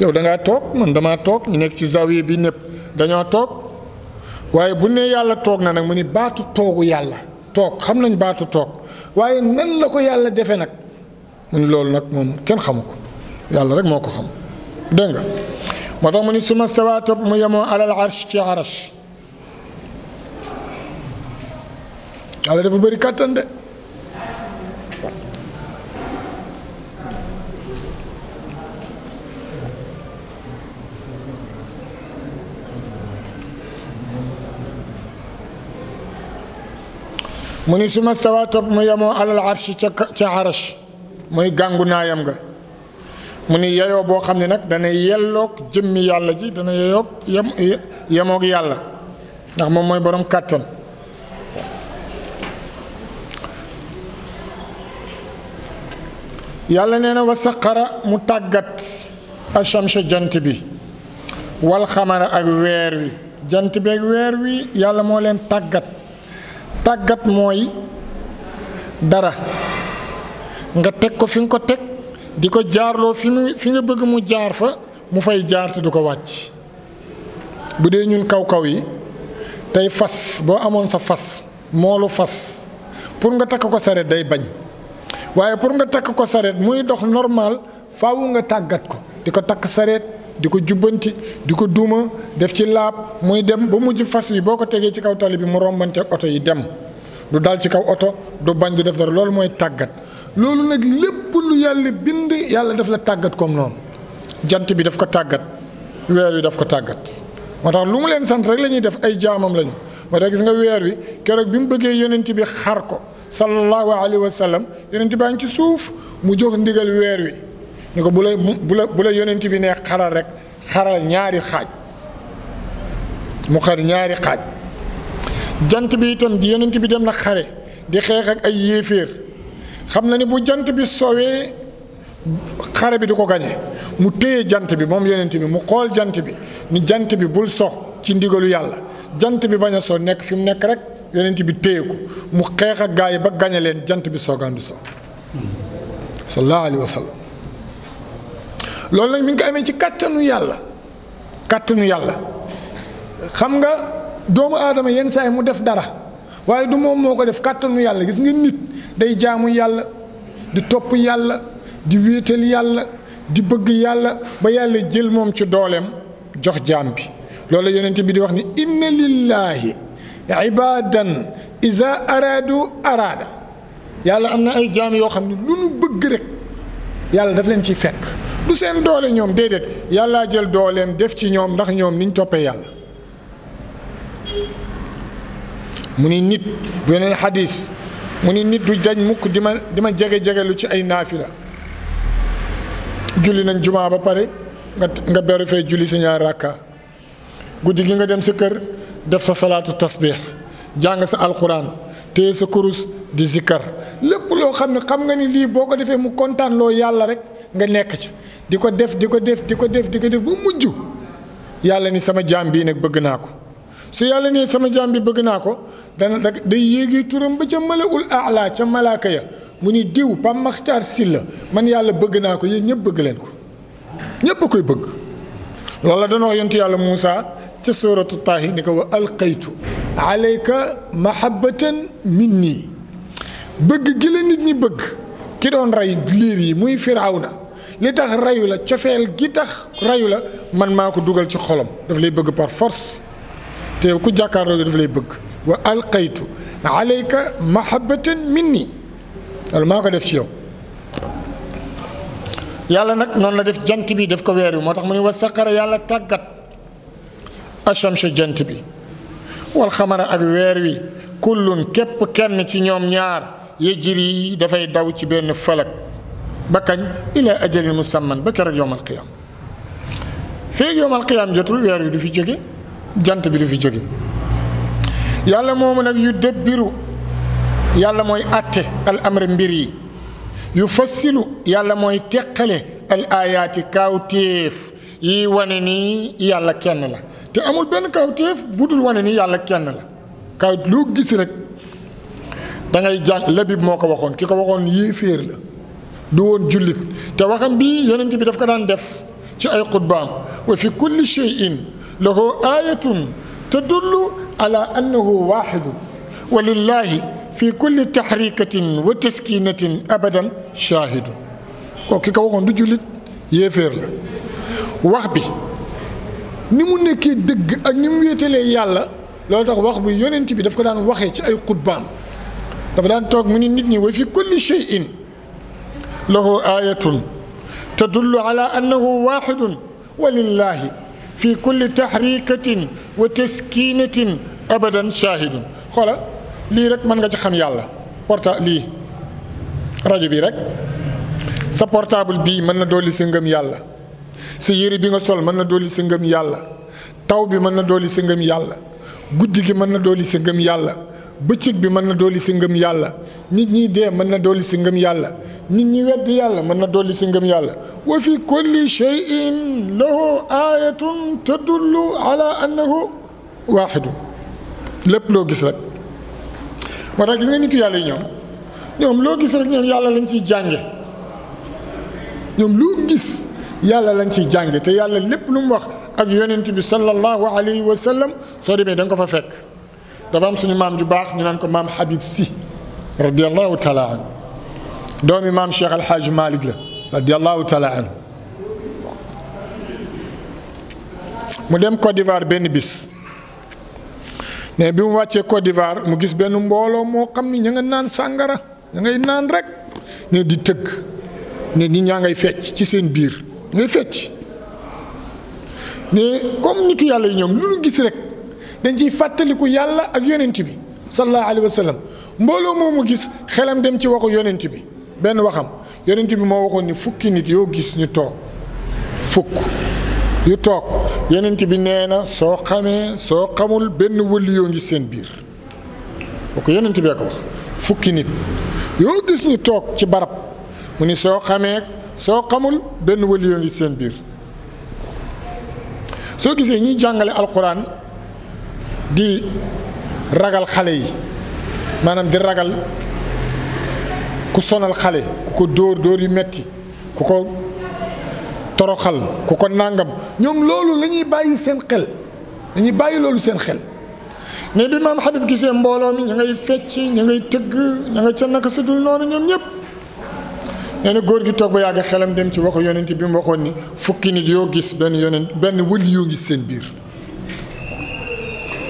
yow da nga tok man dama tok ñu nek ci zawiya bi ñëpp dañoo tok waye bu ne yàlla tok na nak mu ni batu togu yàlla tok xam nañ batu tok waye nan la ko yàlla defé nak mu ni lool nak mom ken xamuko yàlla rek moko xam dégg nga moo mu ni suma stawaata mu yamo ala al arsh ci arsh yàlla dafa bari kàttan de mu ni suma stawa topp mu yemoo alal arsh ca ca arash muy gàngu naayam nga mu ni yeyoo boo xam ne nag dana yelloog jëmmi yàlla ji dana yeyoog yem yemoog yàlla ndax moom mooy borom kàttan yàlla nee na wa saqara mu tàggat achamsa jant bi wal ak weer wi jant bi ak weer wi yàlla moo leen tàggat tagat moy dara nga tek ko fi ko tek diko jaarlo fi fi nga bëgg mu jaar fa mu fay jaar te duko wacc bu ñun kaw kaw yi tay fas bo amon sa fas moolu fas pour nga tak ko saret day bañ waye pour nga tak ko saret muy dox normal faaw nga tagat ko diko tak di ko jubbanti di ko duuma def ci laab muy dem ba mujj fas yi boo ko tegee ci kaw tali bi mu rombante oto yi dem du dal ci kaw oto du bañ du def dara loolu mooy tàggat loolu nag lépp lu yàlla bind yàlla def la tàggat comme noonu jant bi daf ko tàggat weer wi daf ko tàggat moo tax lu mu leen sant rek lañuy def ay jaamam lañu moo tax gis nga weer wi keroog bi mu bëggee yonent bi xar ko sallallahu alayhi wa sallam yonent baa ngi ci suuf mu jox ndigal weer wi ni ko bu la bu la bu bi ne xaral rek xaral ñaari xaaj mu xar ñaari xaaj jant bi itam di yonent bi dem na xare di xeex ak ay yéeféer xam na ni bu jant bi soowee xare bi du ko gañe mu téye jant bi moom yonent bi mu xool jant bi ni jant bi bul so ci ndigalu yàlla jant bi bañ a so nekk fi mu nekk rek yonent bi téye ko mu xeex ak gaa yi ba gañe leen jant bi soogaan du so sallallahu wa sallam loolu nag mi ngi ko amee ci kàttanu yàlla kàttanu yàlla xam nga doomu aadama yenn saa yi mu def dara waaye du moom moo ko def kàttanu yàlla gis nga nit day jaamu yàlla di topp yàlla di wéetal yàlla di bëgg yàlla ba yàlla jël moom ci dooleem jox jaam bi loolu yonent bi di wax ni inna lillaahi ibaadan iza araadu araada yàlla am na ay jaam yoo xam ne lu nu bëgg rek yàlla daf leen ci fekk du seen doole ñoom déedéet yàlla jël dooleem def ci ñoom ndax ñoom niñ toppee yàlla mu ni nit bu yeneen xadis mu ni nit du dañ mukk di ma di ma jege-jegelu ci ay naafila julli nañ jumaa ba pare nga nga beru fee julli sa ñaar rakka guddi gi nga dem sa kër def sa salaatu tasbiix jàng sa alxuraan téye sa kurus di zikkar lépp loo xam ne xam nga ni lii boo ko defee mu kontaan yàlla rek nga nekk ci di ko def di ko def di ko def di ko def bu mujj yàlla ni sama jaam bii nag bëgg naa ko si yàlla ni sama jaam bi bëgg naa ko dana day yéegi turam ba ca malaul aala ca malaaka ya mu ni diw Pape Makhtar Sylla man yàlla bëgg naa ko yéen ñëpp bëgg leen ko ñëpp a koy bëgg loola dana wax yàlla Moussa ca suuratu taahi ni ko wa alqaytu alayka mahabbatan minni bëgg gi la nit ñi bëgg ki doon rey liir yi muy firawna li tax reyu la cofeel gi tax reyu la man maa ko dugal ci xolam daf lay bëgg par force te ku jàkkaarloo daf lay bëgg wa alqaytu alayka mahabbatan minni loolu maa ko def ci yow yàlla nag noonu la def jant bi daf ko weer wi moo tax mu ne wa saqara yàlla tàggat achamsu jant bi wal xamara ak weer wi kullun képp kenn ci ñoom ñaar yejiri dafay daw ci benn falak ba kañ ila ajalin musamman ba keroog yowmal qiyaam feeg yowmal qiyaam jotul weer wi du fi jóge jant bi du fi jóge yàlla moomu nag yu dëbbiru yàlla mooy atte al amr mbir yi yu fassilu yàlla mooy teqale al ayaati kaawtéef yi wane ni yàlla kenn la te amul ben kawteef budul wone ni yàlla kenn la kaw loo gis rek da ngay jàng labib moko waxon kiko waxon ko la du won julit te waxam bi yonent bi daf ko dan def ci ay xutbaam wa fi kulli shay'in lahu ayatun tadullu ala annahu wahid wa lillahi fi kulli tahrikatin wa taskinatin abadan shahid ko kiko waxon du julit yéeféer la wax bi ni mu nekkee dëgg ak ni mu wéetalee yàlla loolu tax wax bu yonent bi daf ko daan waxé ci ay xutbaam dafa daan tok mu ni nit ñi wa fi kulli shay'in lahu ayatun tadullu ala annahu wahidun wa lillahi fi kulli tahrikatin wa taskinatin abadan shahidun xola li rek man nga ci xam yàlla porta li radio bi rek sa portable bi man na doli sa ngam yàlla si yére bi nga sol mën na dolli si ngëm yàlla taw bi mën na dolli sa ngëm yàlla guddi gi mën na dolli ngëm yàlla bëccëg bi mën na dolli si ngëm yàlla nit ñi dee mën na dolli si ngëm yàlla nit ñi weddi yàlla mën na dolli si ngëm yàlla wa fi kulli cheyin lépp loo gis rek moo tax gis nga nitu yàlla yi ñoom ñoom loo gis rek ñoom yàlla lañ ciy jànge ñoom loo gis yàlla lañ ci jànge te yàlla lépp lu mu wax ak yonent bi sallallahu alayhi wa sallam so démé dang ko fa fekk dafa am suñu mam ju bax ñu nan ko mam Habib Sy radiallahu taala an doomi mam Cheikh Al Hadj malik la radiallahu taala an mu dem Côte d'Ivoire ben bis mais bi mu wacce Côte d'Ivoire mu gis ben mbolo mo xam ni ña nga naan sàngara ngay nan rek ne di teug ne ñi ñaa fecc ci seen biir ñooy fecc mais comme nitu yàlla yi ñoom lu ñu gis rek dañ ciy fàttaliku yàlla ak yonent bi sallallahu alayhi mbooloo sallam mbooloo gis xelam dem ci waxu yonent bi benn waxam yonent bi moo waxoon ni fukki nit yoo gis ñu toog fukk yu toog yonent bi nee na soo xamee soo xamul benn wëli yoo ngi seen biir boo yonent bee ko wax fukki nit yoo gis ñu toog ci barab mu ni soo xamee soo xamul benn wëliyo ngi seen biir soo gisee ñuy jàngale alquran di ragal xale yi maanaam di ragal ku sonal xale ku ko dóor dóor yu metti ku ko toroxal ku ko nàngam ñoom loolu lañuy bàyyi seen xel dañuy bàyyi loolu seen xel mais bi maam Habib gisee mbooloo mi ña ngay fecc ña ngay tëgg ña nga ca naka sa dul noonu ñoom ñëpp nee góor gi togo yaaga xelam dem ci waxu yonent bi mu waxon ni fukki nit yo gis ben yonent ben wuli yo gis sen bir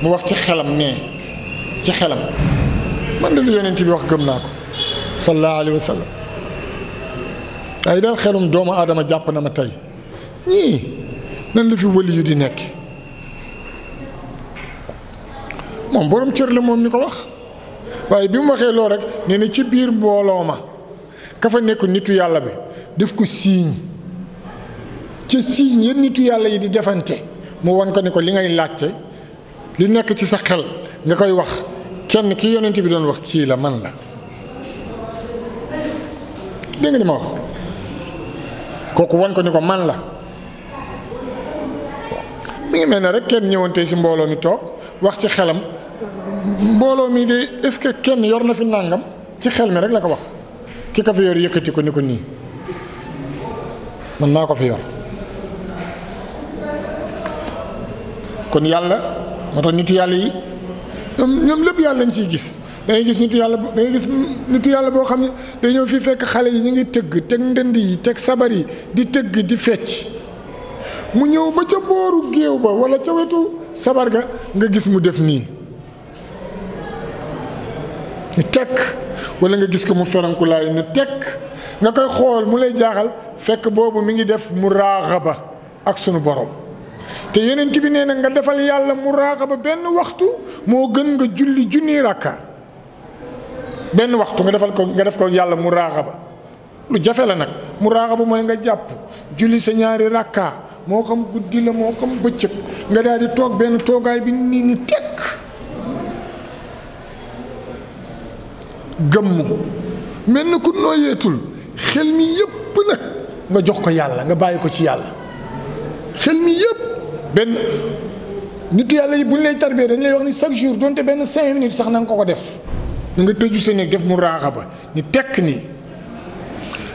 mu wax ci xelam ne ci xelam man de lu yonent bi wax gëm nako sallallahu alaihi wasallam ay dal xelum doomu adama jàpp na ma tay ni nan la fi wuli yu di nek mom borom cër la mom ni ko wax waye bimu waxe lo rek nee ci bir mboloma kafa fa nekk yàlla bi def ko siiñ ci siiñ yéen nitu yàlla yi di defante mu wan ko ni ko li ngay laajte li nekk ci sa xel nga koy wax kenn ki yonent bi doon wax ci la man la dégg nga ma wax kooku wan ko ni ko man la mi ngi mel ne rek kenn ñëwantee si mbooloo mi toog wax ci xelam mbooloo mi de est-ce que kenn yor na fi nàngam ci xel mi rek la ko wax ki ko fi yor yëkkati ko ni ko nii man maa ko fi yor kon yàlla moo tax nitu yàlla yi ñoom lépp yàlla lañ ciy gis dangay gis nitu yàlla dangay gis nitu yàlla boo xam ne day ñëw fii fekk xale yi ñu ngi tëgg teg ndënd yi teg sabar yi di tëgg di fecc mu ñëw ba ca booru géew ba wala ca wetu sabar ga nga gis mu def nii tekk wala nga gis ko mu lay ne tek nga koy xol mu lay jaxal fek bobu mi ngi def mu ak sunu borom te yeneen bi neena nga defal yalla mu ben waxtu mo gën nga julli junni rakka ben waxtu nga defal ko nga def ko yalla mu lu jafé la nak mu moy nga japp julli sa ñaari rakka mo xam guddila mo xam bëccëg nga daal di bi ni ni tek gëmm mel na ku nooyeetul xel mi yëpp nag nga jox ko yàlla nga bàyyi ko ci yàlla xel mi yëpp benn nit yàlla yi bu ñu lay tarbee dañ lay wax ni chaque jour donte benn cinq minutes sax na nga ko ko def na nga tëju sa néeg def mu raaxa ba ni tekk nii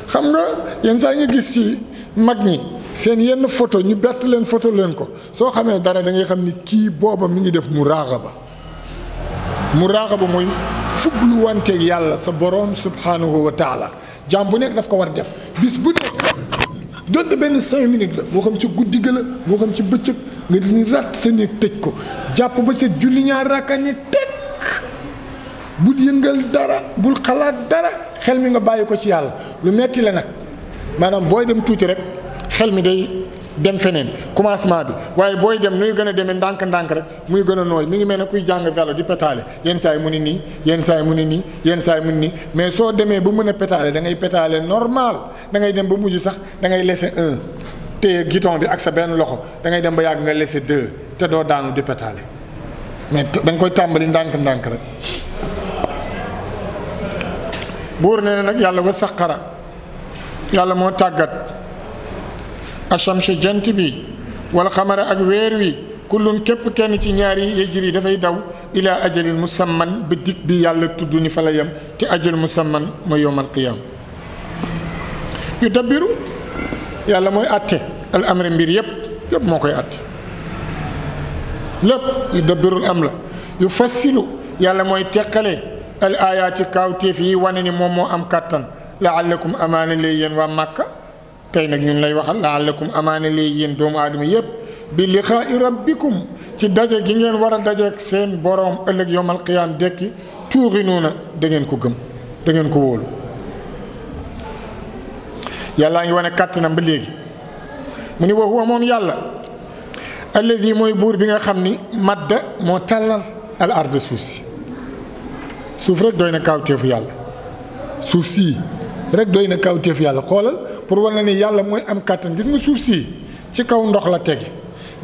xam nga yenn sax nga gis ci mag ñi seen yenn photo ñu bett leen photo leen ko soo xamee dara da xam ni kii booba mu ngi def mu raaxa ba mu muraqaba mooy fugluwanteeg yàlla sa boroom subhanahu wa taala jaam bu nekk daf ko war a def bis bu nekk donte benn cinq minutes la moo xam ci guddi ga la moo xam ci bëccëg nga di ni ràtt sa néeg tëj ko jàpp ba set julli ñaar rakka ne tekk bul yëngal dara bul xalaat dara xel mi nga bàyyi ko ci yàlla lu metti la nag maanaam booy dem tuuti rek xel mi day dem feneen commencement bi waaye booy dem nuy gën a demee ndànk-ndànk rek muy gën a nooy mi ngi mel ne kuy jàng vélo di pétale yenn saa mu ni nii yenn saa mu ni nii yenn saa yi mu ni mais soo demee ba mun a pétale da ngay pétale normal da ngay dem ba mujj sax da ngay laisser te giton bi ak sa benn loxo da ngay dem ba yàgg nga laisser deux te doo daanu di pétale mais da nga koy tàmbali ndànk-ndànk rek buur nee nag yàlla wa saqara yàlla moo tàggat achamse jant bi wala xamara ak weer wi kullun képp kenn ci ñaari yejjir yi dafay daw ilaa ajalin musamman ba dig bi yàlla tudd ni fa la yem te ajal musamman mooy yowmal qiyaam yu dabbiru yàlla mooy àtte al amri mbir yépp yépp moo koy àtte lépp yu dabbirul am la yu fassilu yàlla mooy teqale al aayaati kaawteef yi wane ni moom moo am kàttan laallakum amaana lay yéen waa màkka tay nak ñun lay waxal laallakum amana li yéen doom adam yeb bi liqa'i rabbikum ci dajje gi ngeen wara dajje ak seen borom ëlëk yowmal qiyam dekki tuuxinoo na da ngeen ko gëm da ngeen ko wol yalla ngi wone katina ba legi muni wa huwa mom yàlla alladhi moy bur bi nga xamni madda mo talal al ard suuf si rek doyna na yàlla suuf rek doyna na yàlla xolal pour wan na ni yàlla mooy am kàttan gis nga suuf si ci kaw ndox la tege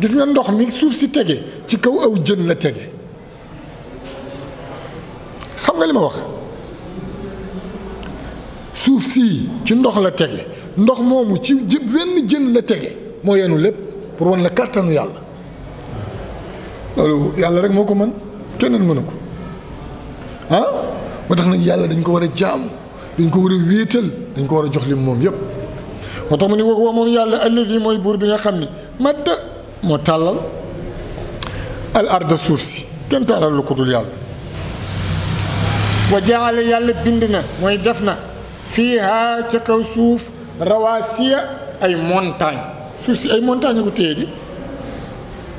gis nga ndox mi suuf si tege ci kaw aw jën la tege xam nga li ma wax suuf sii ci ndox la tege ndox moomu ci wenn jën la tege moo yenu lépp pour wan la kàttanu yàlla yàlla rek moo ko mën keneen mënu ko ah moo tax nag yàlla dañ ko war a jaamu dañ ko war a wéetal dañ ko war a jox lim moom yépp وطمني وهو من يلا الذي ما يبور بين خمني مد متلل الأرض سوسي كن تلا لقط يلا وجعل يلا بيننا ما يدفنا فيها تكوسوف رواسية أي مونتاين سوسي أي مونتاين قتيري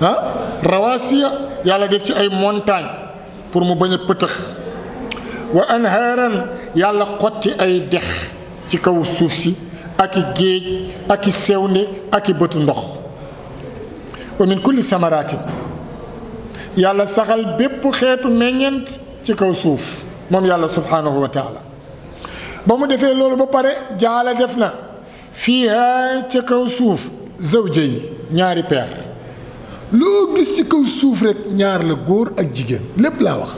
ها رواسية يلا دفتي أي مونتاين pour mu bañe peutax wa anharan yalla xoti ay dekh ci kaw soufsi ak i géej ak i sewnde ak i bëtu ndox wa min kulli samaraatin yàlla saxal bépp xeetu meññeent ci kaw suuf moom yàlla subhaanahu wa taala ba mu defee loolu ba pare jaala def na fiiha ci kaw suuf sëw zawjayni ñaari peer loo gis ci kaw suuf rek ñaar la góor ak jigéen lépp laa wax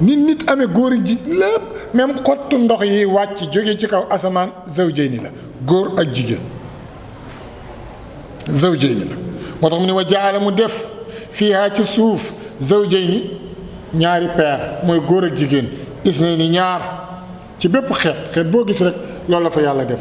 nit nit amee góor ji lépp même xottu ndox yi wàcc jóge ci kaw asamaan zawjayni la góor ak jigéen zawjayni la moo tax mu ne wa mu def fiihaa ci suuf sëw yi ñaari peer mooy góor ak jigéen isnayni ñaar ci bépp xeet xeet boo gis rek loolu la fa yàlla def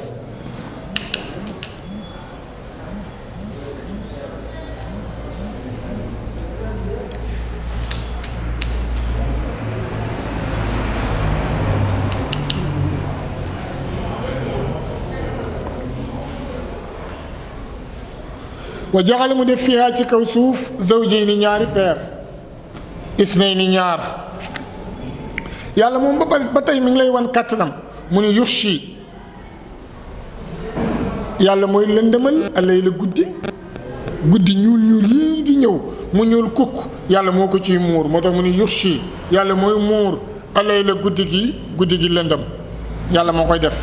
wa jaxal mu def fiha ci kaw suuf zawjay ni ñaari peer isnay ni ñaar yàlla moom ba ba tey mi ngi lay wan kàttanam mu ne yuxshi yàlla mooy lëndëmal alay la guddi guddi ñuul ñuul yii di ñëw mu ñuul kukk yàlla moo ko ciy muur moo tax mu ne yuxshi yàlla mooy muur alay la guddi gi guddi gi lëndëm yàlla moo koy def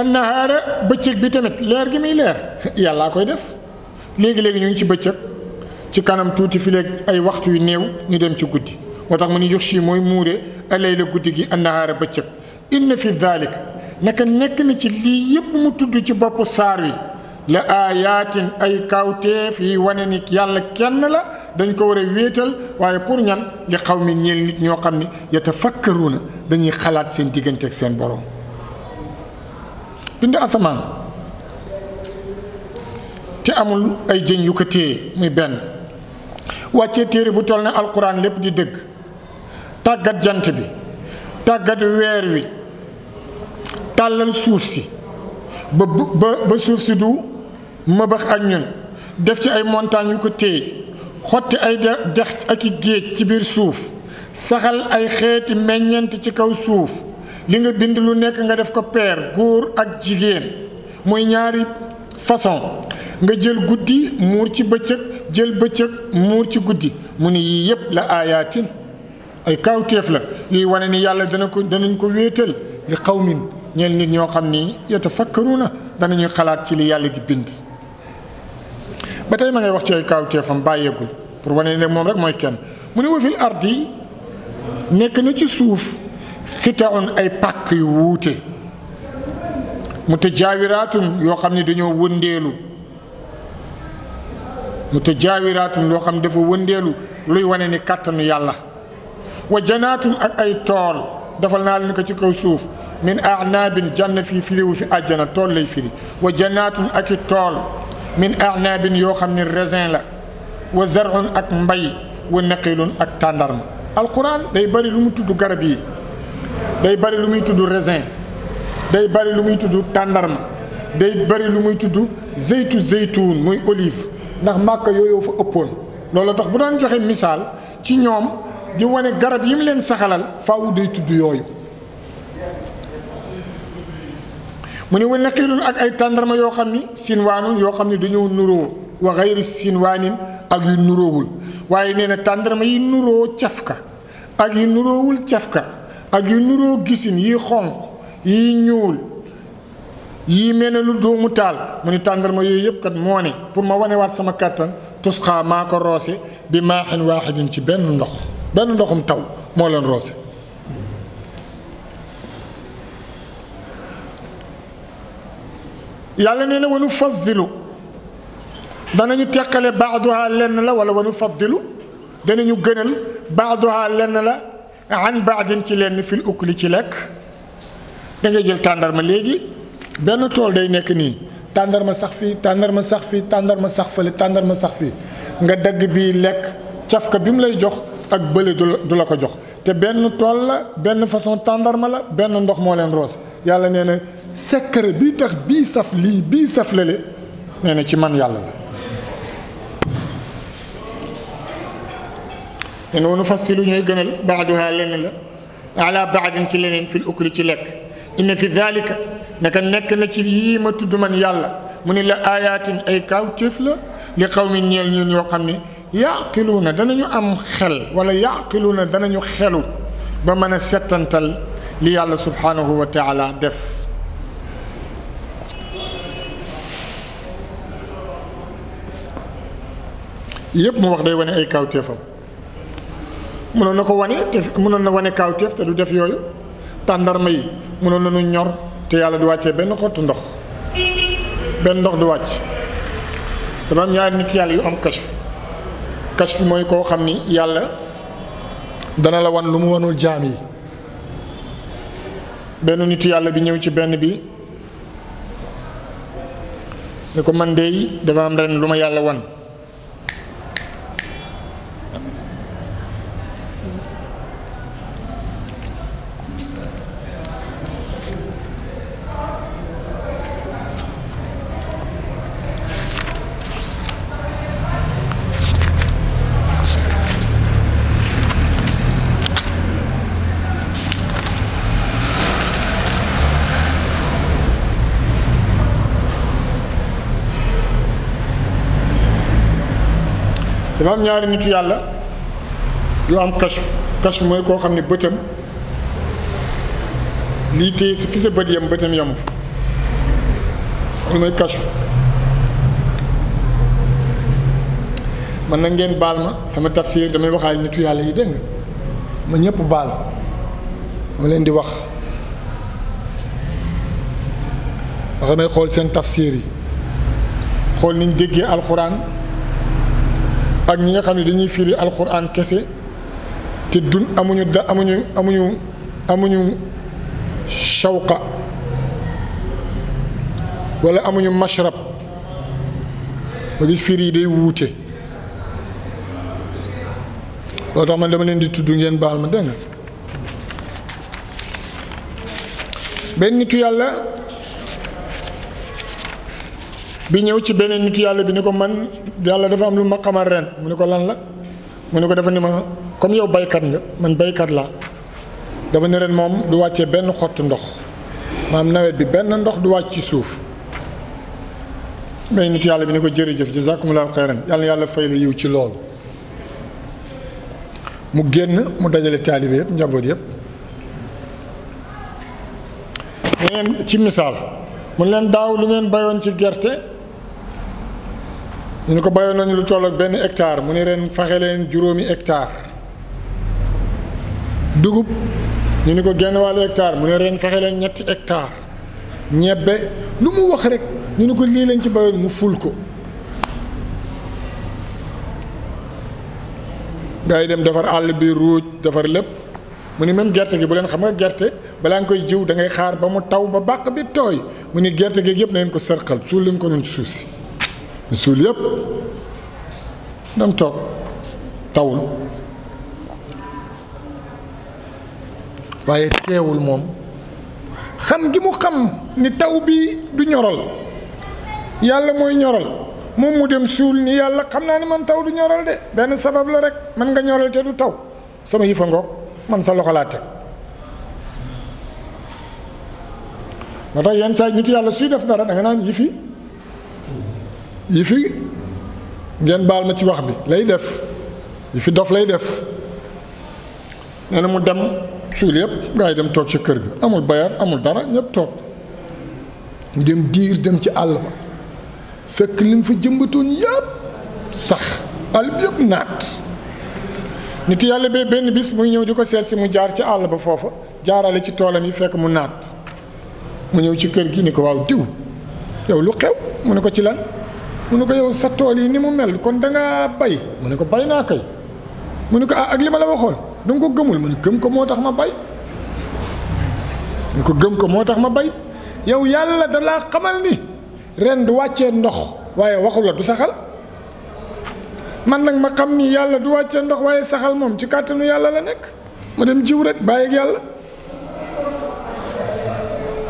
annahaara bëccëg bi tamit leer gi muy leer yàllaa koy def léegi-léegi ñu ngi ci bëccëg ci kanam tuuti fi léegi ay waxtu yu néew ñu dem ci guddi moo tax ma ni yox si mooy muure alay la guddi gi annahaara bëccëg inna fi dalik naka nekk na ci lii yépp mu tudd ci boppu saar wi la aayaatin ay kawteef yi wane ni yàlla kenn la dañ ko war a wéetal waaye pour ñan li xaw mi ñeel nit ñoo xam ne yatafakkaruuna dañuy xalaat seen diggante ak seen borom bind asamaan te amul ay jën yu ko téye muy benn wàcce téere bu toll na alquran lépp di dëgg tàggat jant bi tàggat weer wi tàllal suuf si ba ba suuf si du mëbax ak ñun def ci ay montagnes yu ko téye xotti ay dex ak i géej ci biir suuf saxal ay xeeti meññent ci kaw suuf li nga bind lu nekk nga def ko paire góor ak jigéen mooy ñaari façon nga jël guddi muur ci bëccëg jël bëccëg muur ci guddi mu ni yii yëpp la aayaatin ay kawteef la yuy wane ni yàlla dana ko danañ ko wéetal li xawmin ñeen nit ñoo xam ni na danañuy xalaat ci li yàlla di bind ba tey ma ngay wax ci ay kawteefam bàyyeegul pour wane ne moom rek mooy kenn mu ne wa ardi nekk na ci suuf xita on ay pàkk yu wuute mutajaawiraatun yoo xam ne dañoo wëndeelu mutajaawiraatun yoo xam ne dafa wëndeelu luy wane ni kàttanu yàlla wa janaatun ak ay tool defal naa leen ko ci kaw suuf min anaabin jann fii firiwu fi àjjana tool lay firi wa janaatun ak i tool min anaabin yoo xam ne raisin la wa zarun ak mbay wa naqilun ak tàndarma alquran day bëri lu mu tudd garab yi day bari lu muy tudd raisin day bari lu muy tudd tàndarma day bari lu muy tudd zeytu zeytuun muy olive ndax màkka yooyu fa ëppoon loolu tax bu daan joxe misaal ci ñoom di wane garab yi mu leen saxalal faawu day tudd yooyu mu ne wa naqiilun ak ay tàndarma yoo xam ni sinwaanun yoo xam ne dañoo nuroo wa xayri sinwaanin ak yi nuroowul waaye nee na tàndarma yi nuroo cafka ak yi nuroowul cafka ak yu nuroo gisin yi xonq yi ñuul yii mel ne lu doomu taal mu ni tàndarma yooyu yëpp kat moo ne pour ma wanewaat sama kàttan tusxaa maa ko roose bi maaxin waaxidin ci benn ndox benn ndoxum taw moo leen roose yàlla nee na wanu fasdilu danañu teqale baaduha lenn la wala wanu faddilu danañu gënal baaduha lenn la عن بعد انت lenn في الاكل ci lekk da ngay jël tàndarma léegi benn tool day nekk nii tàndarma sax fii tàndarma sax fii tàndarma sax fële tàndarma sax fii nga dag bi lek cafka bim lay jox ak beul du la ko jox te ben tol la ben façon tàndarma la ben ndox mo len rose yàlla nee secret bi tax bi saf li bi saf lële nee ci man yàlla la دانو نفصلو ني گنل بعدها لن لا على بعد انت لنين في الاكل تلك ان في ذلك نك نك لا تي ما تود من يالا من لا ايات اي كاوتف لا لقوم نيل ني نيو خامي ياكلون دانيو ام خل ولا ياكلون دانيو خلو بمن ستنتل لي الله سبحانه وتعالى دف يب مو واخ داي واني اي كاوتيفام mënoon na ko wane te mënoon na wane kawteef te du def yooyu tàndarma yi mënoon nañu ñor te yàlla du wàccee benn xottu ndox benn ndox du wàcc dafa am ñaari nit yàlla yu am kashf kashf mooy koo xam ni yàlla dana la wan lu mu wanul jaam yi benn nitu yàlla bi ñëw ci benn bi ne ko man de dafa am ren lu ma yàlla wan dafa am ñaari nitu yàlla yu am kashf kashf mooy koo xam ne bëtam lii téye si fi sa bët yem bëtam yemu fa loolu mooy kashf man na ngeen baal ma sama tafsir damay waxaale nitu yàlla yi dégg ma ñépp baal dama leen di wax wax damay xool seen tafsir yi xool niñ déggee alxuraan ak ñi nga xam ne dañuy firi alxuraan kese te dun amuñu da amuñu amuñu amuñu shawqa wala amuñu mashrab ba gis firi yi day wuute loolu tax man dama leen di tudd ngeen baal ma dégg nga benn nitu yàlla bi ñëw ci beneen nitu yàlla bi ni ko man yàlla dafa am lu ma xamal ren mu ne ko lan la mu ne ko defa ni ma comme yow baykat nga man baykat laa dafa ni ren moom du wàccee benn xottu ndox maanaam nawet bi benn ndox du wàcc ci suuf mais nitu yàlla bi ni ko jëf jërëjëf jazakumullahu xayran yàlla yàlla fay la yiw ci loolu mu génn mu dajale taalibe yëpp njaboot yëpp ci misaal mu leen daaw lu ngeen bayoon ci gerte ñu ne ko bayoon nañu lu toll ak benn hectare mu ne ren faxe leen juróomi hectare dugub ñu ne ko genn wàllu hectare mu ne ren faxe leen ñetti hectare ñebbe lu mu wax rek ñu ni ko lii lañ ci bayoon mu ful ko gaa yi dem defar àll bi ruuj defar lépp mu ni même gerte gi bu leen xam nga gerte balaa nga koy jiw dangay ngay xaar ba mu taw ba bàq bi tooy mu ni gerte gi yëpp na ngeen ko sërqal suul leen ko noonu ci suuf si suul yëpp dem toog tawul waaye teewul moom xam gi mu xam ni taw bi du ñoral yàlla mooy ñoral moom mu dem suul ni yàlla xam naa ni man taw du ñoral de benn sabab la rek man nga ñoral te du taw sama yëfa ngoog man sa loxo laa teg moo tax yenn saa nit yàlla suy def dara da naan yëfi yi fi ngeen baal ma ci wax bi lay def yi fi dof lay def nee na mu dem suul yëpp gaa dem toog ci kër gi amul bayar amul dara ñëpp toog mu dem diir dem ci àll ba fekk li mu fa jëmbatoon yëpp sax àll bi yëpp naat nit yàlla bee benn bis muy ñëw di ko seet si mu jaar ci àll ba foofa jaarale ci toolam yi fekk mu naat mu ñëw ci kër gi ni ko waaw diw yow lu xew mu ne ko ci lan mu ko yow sa tol ni mu mel kon da nga bay mu ko bay na kay mu ko ah, ak lima la waxoon da nga ko gëmul mu ko motax ma bay ko ko motax ma bay yow yalla da la xamal ni ren du wàccee ndox waaye waxu la du saxal man nak ma xam ni yalla du wacce ndox waye saxal mom ci katanu yalla la nek dem jiw rek baye ak yalla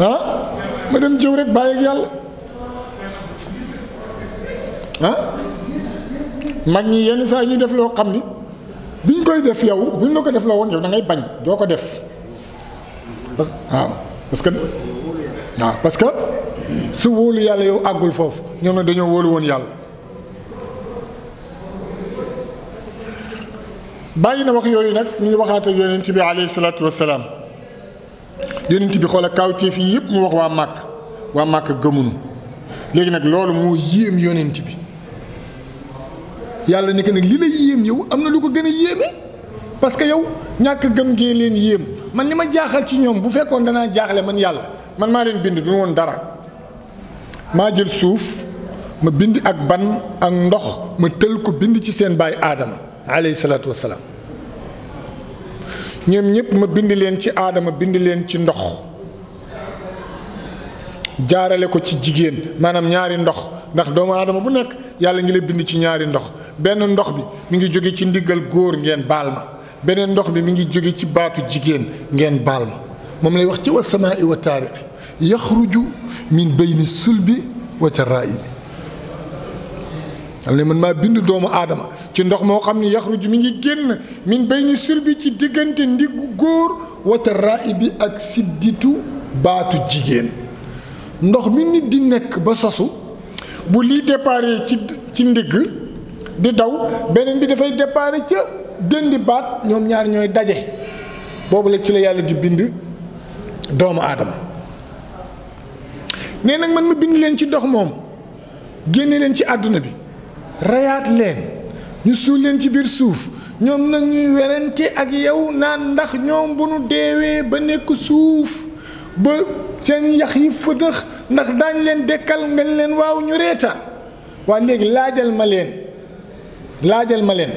ha ah? dem jiw rek baye ak yalla ah mag ñi yenn saa ñuy def loo xam ni biñ koy def yow buñ la ko def loo woon yow da bañ doo ko def parce waaw parce que waaw parce que su wóolu yàlla yow àggul foofu ñoom ne dañoo wóolu woon yàlla bàyyi na wax yooyu nag ñu ngi waxaat ak yonent bi alayhi salaatu wasalaam yonent bi xool a kawteef yi yëpp mu wax waa màkk waa màkk gëmunu léegi nag loolu moo yéem yonent bi yàlla ni que nag li la yéem yow am na lu ko gën a yéeme parce que yow ñàkk gëm gee leen yéem man li ma jaaxal ci ñoom bu fekkoon danaa jaaxle man yàlla man maa leen bind du woon dara maa jël suuf ma bind ak ban ak ndox ma tël ko bind ci seen baay aadama alayhi salaatu wassalaam ñoom ñëpp ma bind leen ci aadama bind leen ci ndox jaarale ko ci jigéen maanaam ñaari ndox ndax doomu aadama bu nekk yàlla ngi la bind ci ñaari ndox benn ndox bi mi ngi jóge ci ndiggal góor ngeen baal ma beneen ndox bi mi ngi jóge ci baatu jigéen ngeen baal ma moom lay wax ci wa samaa'i wa taariqi yaxruju min bayni sulbi wa taraa'ibi yàlla ne man doomu aadama ci ndox moo xam ne yaxruju mi ngi génn min bayni sulbi ci diggante ndiggu góor wa bi ak sidditu baatu jigéen ndox mi nit di nekk ba sosu bu lii déparé ci ci ndigg di daw beneen bi dafay déparé ca dëndi baat ñoom ñaar ñooy daje boobu la ci la yàlla di bind doomu aadama nee nag man ma bind leen ci dox moom génne leen ci àdduna bi rayaat leen ñu suul leen ci biir suuf ñoom nag ñuy werante ak yow naan ndax ñoom bu nu deewee ba nekk suuf ba seen yax yi fëtëx ndax daañ leen dekkal nga leen waaw ñu reetaan waaye léegi laajal ma leen laajal ma leen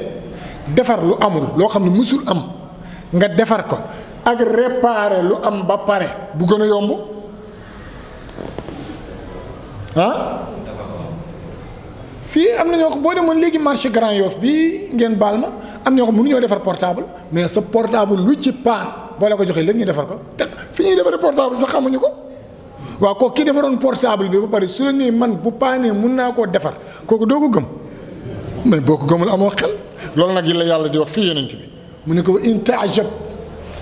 defar lu amul loo xam ne mësul am nga defar ko ak réparer lu am ba pare bu gën a yomb ah? fii am na ñoo ko boo demoon léegi marché Grand Yoff bi ngeen baal ma am ñoo ko ñëw defar portable mais sa portable lu ci paan boo la ko joxee léegi ñu defar ko te fi ñuy defaree portable sax xamuñu ko waaw kooku ki defaroon portable bi ba pare su la nii man bu paanee mun naa koo defar kooku doo ko gëm mais boo ko gëmul amoo xel loolu nag yi la yàlla di wax fii yonent bi mu ne ko in taajab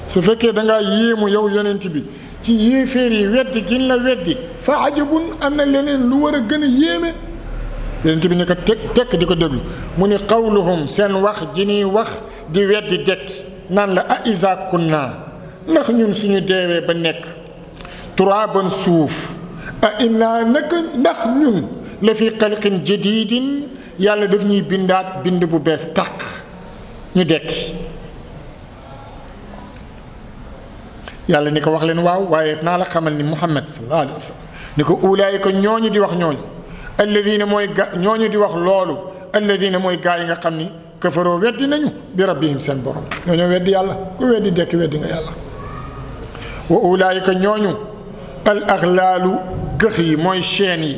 su fekkee da ngaa yéemu yow yonent bi ci yéeféer yi weddi gin la weddi fa ajabun am na leneen lu war a gën a yéeme yonent bi ne ko tek tekk di ko déglu mu ni qawluhum seen wax ji ñuy wax di weddi dekk naan la a iza kunna ndax ñun suñu déwé ba nekk turaaban suuf a inna nak ndax ñun la fi xalqin jadidin yàlla daf ñuy bindat bind bu bes tak ñu dekk yàlla niko wax len waw waye na la xamal ni muhammad sallallahu alaihi wasallam niko ni ko ñooñu di wax ñooñu alladheena moy ga ñooñu di wax lolu alladheena moy gaay nga xamni kafaro weddi nañu bi rabbihim sen borom ñoo weddi yàlla ku weddi dekk weddi nga yàlla واولئك نيونو الاغلال كخي موي شيني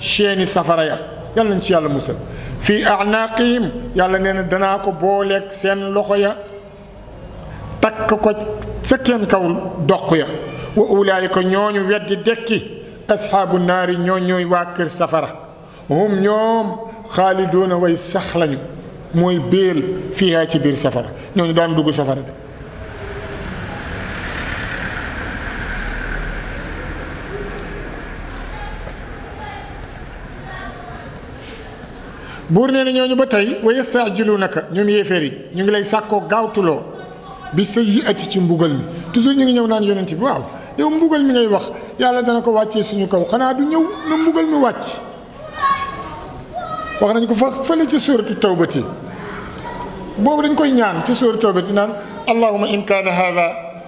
شيني سفريا يالا نتي يالا موسى في اعناقهم يلا نين دناكو بولك سين لوخيا تاك كو سكين كاول دوخيا واولئك نيونو ويد ديكي اصحاب النار نيونو واكر سفرا هم نيوم خالدون وي سخلاني موي بيل فيها تبير بير سفرا نيونو دان دوكو سفرا دي. buur nee na ñooñu ba tey wa yastaajiluunaka ñoom yéeféer yi ñu ngi lay sàkkoo gaawtuloo bi sa yi ati ci mbugal mi toujours ñu ngi ñëw naan yonent bi waaw yow mbugal mi ngay wax yàlla dana ko wàccee suñu kaw xanaa du ñëw na mbugal mi wàcc wax nañ ko fa fële ci suuratu tawbati boobu dañ koy ñaan ci suuratu tawbati naan allahuma in kaana hada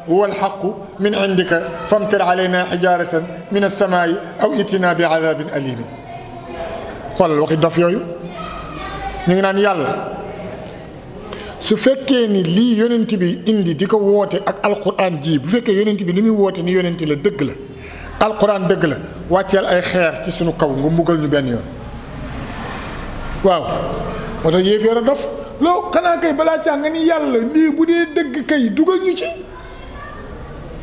huwa alxaqu min indika famtir alayna xijaratan min alsamaai aw itina bi adabin alimi xoolal waxi dof yooyu ñu ngi naan yàlla su fekkee ni lii yonent bi indi di ko woote ak alquran ji bu fekkee yonent bi li muy woote ni yonent la dëgg la alquran dëgg la wàcceel ay xeer ci sunu kaw nga mbugal ñu benn yoon waaw moo tax yéeféer a dof loo xanaa kay balaa caa nga ni yàlla lii bu dee dëgg kay dugal ñu ci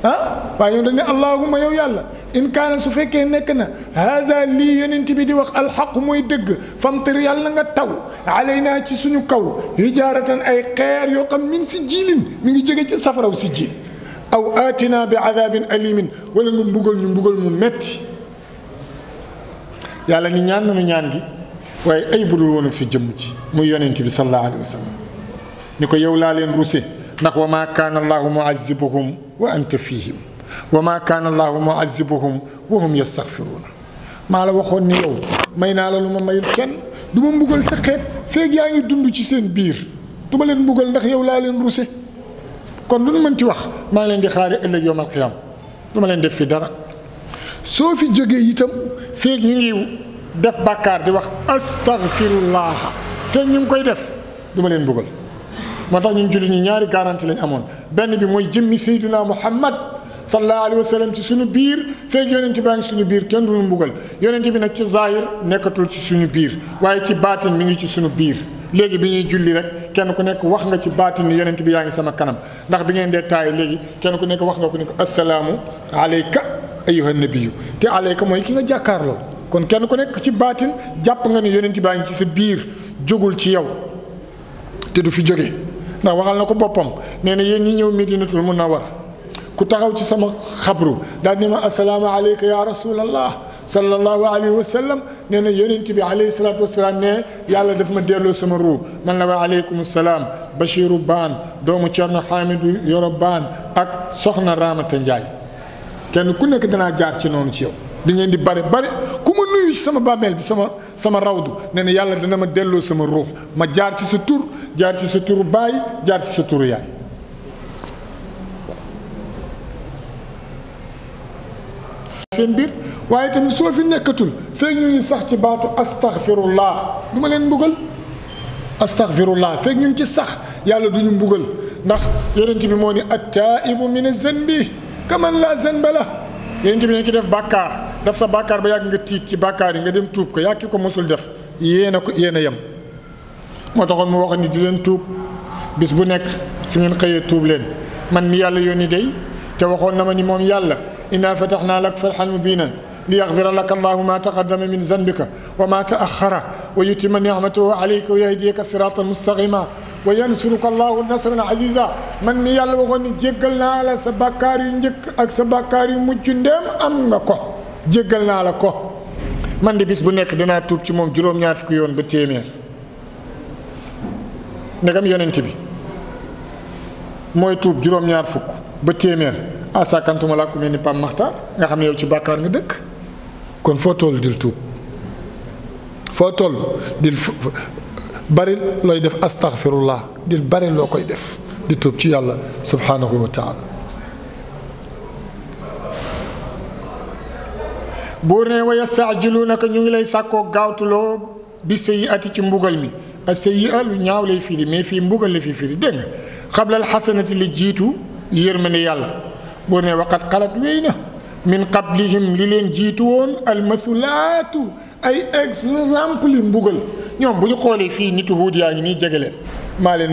ah waaye ñoom dañ ne allahumma yow yàlla in kaana su fekkee nekk na haza lii yonent bi di wax alxaq mooy dëgg famtir yàlla nga taw alaynaa ci suñu kaw hijaaratan ay xeer yoo xam min si jiilin mi ngi jóge ci safaraw si jiil aw aatinaa bi adabin alimin wala nga mbugal ñu mbugal mu metti yàlla ni ñaan nañu ñaan gi waaye ay budul woon ak sa jëmm ci mu yonent bi sallallahu alayhi wa sallam ni ko yow laa leen ruse ndax wa maa kaana allahu muazzibuhum وأنت فيهم وما كان الله معذبهم وهم يستغفرون ما لا وخون نيو ماينا لا لوما مايل كين دوما مبوغل سا فيك ياغي دوندو سي سين بير دوما لين مبوغل ناخ يو لا لين روسي كون دون مانتي واخ ما لين دي خاري الا يوم القيامه دوما لين ديف في دار سو جوغي ييتام فيك نيغي ديف بكار دي واخ استغفر الله فيك نيم كوي ديف دوما لين مبوغل moo tax ñu jullit ñi ñaari garantie lañu amoon benn bi mooy jëmmi Seydina Muhammad sallallahu alayhi wa sallam ci suñu biir feeg yonent baa suñu biir kenn mbugal yonent bi nag ci nekkatul ci suñu biir waaye ci baatin mi ngi ci suñu biir léegi bi ñuy julli rek kenn ku nekk wax nga ci baatin ni yonent bi yaa sama kanam ndax bi ngeen léegi kenn ku nekk wax nga ku ne ko assalaamu alayka ayyuhan nabiyyu te alayka mooy ki nga jàkkaarloo kon kenn ku nekk ci baatin jàpp nga ne yonent baa ngi ci sa biir jógul ci yow te du fi jógee ndax waxal na ko boppam nee na yéen ñi ñëw na war ku taxaw ci sama xabru daal ni ma assalaamu aleyka ya rasulallah sallallahu alayhi wa sallam nee na yonent bi alayhi salaatu wasalaam ne yàlla daf ma delloo sama ruu man la wa aleykum salaam Bachiru Baan doomu Cerno Hamidou Yoro Baan ak Soxna Ramata Njaay kenn ku nekk dinaa jaar ci noonu ci yow di ngeen di bare bare ku ma nuyu ci sama bàmmeel bi sama sama rawdu nee na yàlla dina ma delloo sama ruux ma jaar ci sa tur jaar ci sa turu baay jaar ci sa turu yaay seen biir waaye tamit soo fi nekkatul feeg ñu ngi sax ci baatu astaghfirullah du ma leen mbugal astaghfirullah feeg ñu ngi ci sax yàlla du ñu mbugal ndax yonent bi moo ni attaibu min zanbi kaman la zanba la yonent bi ne ki def bàkkaar daf sa bàkkaar ba yàgg nga tiit ci bàkkaar yi nga dem tuub ko yàgg ki ko mosul def yéena ko yéena yem mo taxon mu ليغفر لك الله ما تقدم من ذنبك وما تأخر ويتم نعمته عليك ويهديك صراطا مستقيما وينصرك الله نصرا عزيزا من يالو غني جيغلنا لا سباكار نيك اك سباكار موتي ندم جيغلنا لا من دي بيس بو نيك دنا توب سي موم جوروم نيار فك با تيمير ndegam yonent bi mooy tuub juróom-ñaar fukk ba téeméer asakantuma laa ku mel ni Pape Makhtar nga xam ne yow ci bàkkaar nga dëkk kon foo toll dil tuub foo toll dil bari looy def astaghfirullah dil bari loo koy def di tuub ci yàlla subhanahu wa taala buur ne wa yastaajiluunaka ñu ngi lay sàkkoo gaawtuloo بسيئات تشمبوغل مي السيئه لو نياو لي فيري مي في مبوغل في فيري دنگ قبل الحسنه اللي جيتو يرمني يالا بون وقت قالت وينه من قبلهم لين جيتون المثلات اي اكزامبل مبوغل نعم بو خولي في نيت هود ياغي ني جيغل ما لين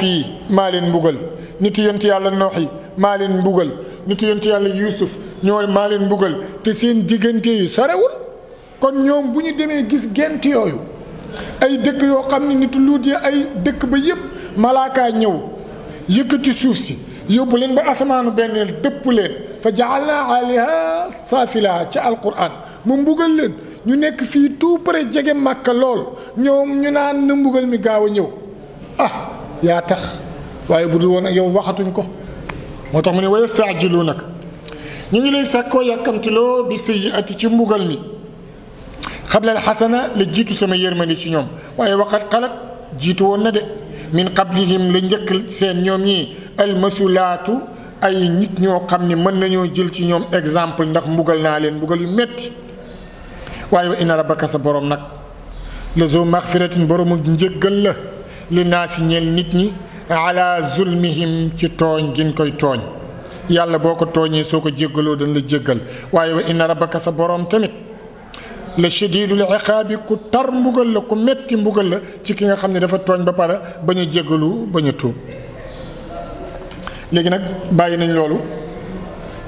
في ما لين مبوغل نيت ينت يالا نوحي ما لين مبوغل يوسف نيو ما لين مبوغل تي سين kon ñoom bu ñu demee gis gent yooyu ay dëkk yoo xam ne nit lu ya ay dëkk ba yépp malaakaa ñëw yëkkati suuf si yóbbu leen ba asamaanu benneel dëpp leen fa jaalna aliha saafilaha ci alquran mu mbugal leen ñu nekk fii tout près jege màkk lool ñoom ñu naan na mbugal mi gaaw a ñëw ah yaa tax waaye bu dul woon ak yow waxatuñ ko moo tax mu ne waye saajilu nag ñu ngi lay sàkkoo yàkkamtiloo bi sayyiati ci mbugal mi xabla alxasana la jiitu sama yërmande ci ñoom waaye waxat xalat jiitu woon na de min qablihim la njëkk seen ñoom ñii almasulaatu ay nit ñoo xam ne mën nañoo jël ci ñoom exemple ndax mbugal naa leen mbugal yu metti waaye wa inna rabbaka sa borom nag la zo maxfiratin boromu njëggal la li naa si ñeel nit ñi ala zulmihim ci tooñ gin koy tooñ yàlla boo ko tooñee soo ko jéggaloo dañ la jéggal waaye wa inna rabbaka sa borom tamit la shadidul iqaabi ku tar mbugal la ku metti mbugal la ci ki nga xam ne dafa tooñ ba pare bañ a jéggalu bañ a tuub léegi nag bàyyi nañ loolu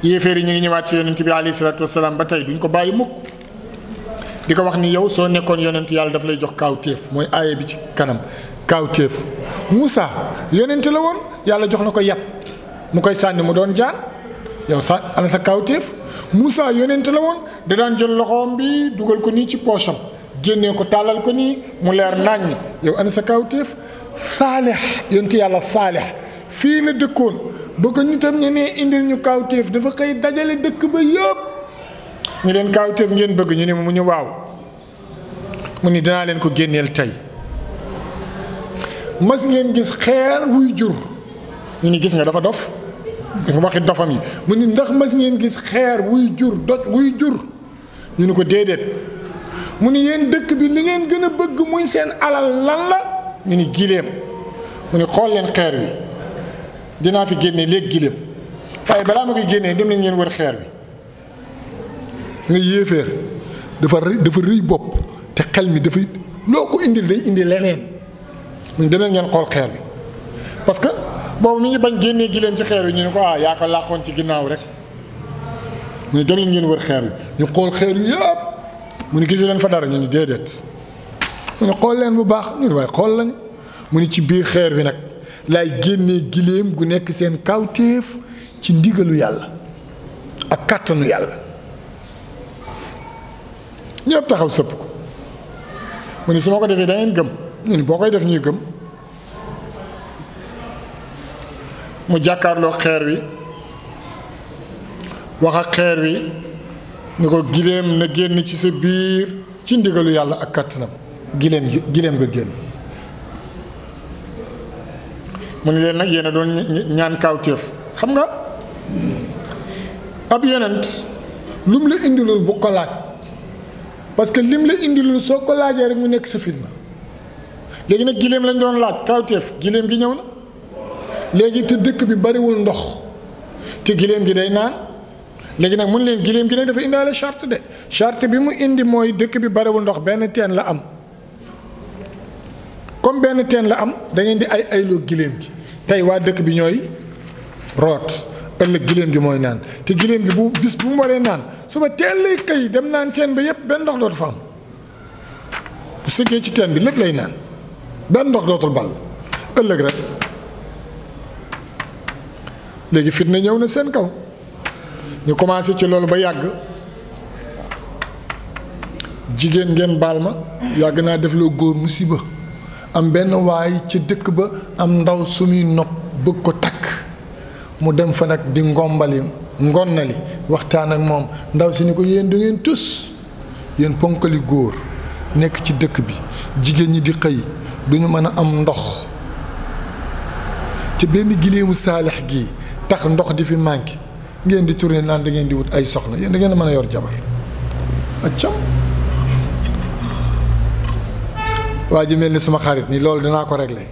yéeféer yi ñu ngi ñëwaat ci yonent bi alayhi salaatu wasalaam ba tey duñ ko bàyyi mukk di ko wax ni yow soo nekkoon yonent yàlla daf lay jox kaawteef mooy aaya bi ci kanam kaw kaawteef Moussa yonent la woon yàlla jox na ko yat mu koy sànni mu doon jaan yow sa ana sa kaawteef Moussa yonent la woon da daan jël loxoom bi dugal ko nii ci poosam génnee ko tàllal ko nii mu leer naññ yow ana sa kawtéef saalix yonent yàlla saalix fii la dëkkoon ba ko nitam ñu indi ñu kawtéef dafa xëy dajale dëkk ba yëpp ñu leen kawtéef ngeen bëgg ñu ne mu ñu waaw mu ni dinaa leen ko génneel tey mas ngeen gis xeer wuy jur ñu ni gis nga dafa dof da nga waxi dofam yi mu ni ndax mas ngeen gis xeer wuy jur doj wuy jur ñu ni ko déedéet mu ni yéen dëkk bi li ngeen gën a bëgg muy seen alal lan la ñu ni giléem mu ni xool leen xeer wi dinaa fi génne léegi giléem waaye balaa ma koy génnee dem leen ngeen wër xeer bi su nga yéeféer dafa rëy dafa rëy bopp te xel mi dafay loo ko indil day indi leneen mu ni dem leen ngeen xool xeer bi parce boobu mi ngi bañ gi leen ci xeer ñu ko ah ya ko làqoon ci ginnaaw rek ñu ne jëlin ngeen wër xéer ñu xol xéer yi yëpp mu ni gis leen fa dara ñu dédét mu ni xol leen bu baax ñu way xol lañ mu ni ci bi xéer bi nak lay laay gi gileem gu nekk seen kawtéef ci ndigalu yalla ak katanu yalla ñepp taxaw sepp ko mu ni su ma ko defee da ngeen gëm ñu ni bokay def ñuy gëm mu jakarlo xeer wi waxa niko xeer wi ni ko gilem na genn ci sa biir ci ndigalu yalla ak katnam gilem gilem nga genn mu ne leen nag yéen a doon ñaan kaawteef xam nga ab yenent lum mu la indilul bu ko laaj parce que lim la indilul soo ko rek mu nek sa fitna legi nak gilem lañ doon laaj gilem gi léegi te dëkk bi bariwul ndox te giléem gi day naan léegi nag mun leen giléem gi nag dafa indaale charte de charte bi mu indi mooy dëkk bi bariwul ndox benn teen la am comme benn teen la am da ngeen di ay ayloo giléem gi tey waa dëkk bi ñooy root ëllëg giléem gi mooy naan te giléem gi bu bis bu mu waree naan suba teel lay kay dem naan teen ba yépp benn ndox dootu fa am bu sëggee ci teen bi lépp lay naan benn ndox dootul ball ëllëg rek léegi fitna ñëw na seen kaw ñu commencé ci loolu ba yàgg jigéen ngeen baal ma yàgg naa def loo góor musiba am benn waay ci dëkk ba am ndaw su muy nopp bëgg ko takk mu dem fa nag bi ngombali ngonnali waxtaan ak moom ndaw si ni ko yéen du ngeen tus yéen ponkali góor nekk ci dëkk bi jigéen ñi di xëy duñu mën a am ndox te benn gileemu saalix gi tax ndox di fi manqué ngeen di tourné naan da ngeen di wut ay soxna yéen da ngeen mën a yor jabar accam waa ji mel ni suma xarit ni lool dinaa ko réglé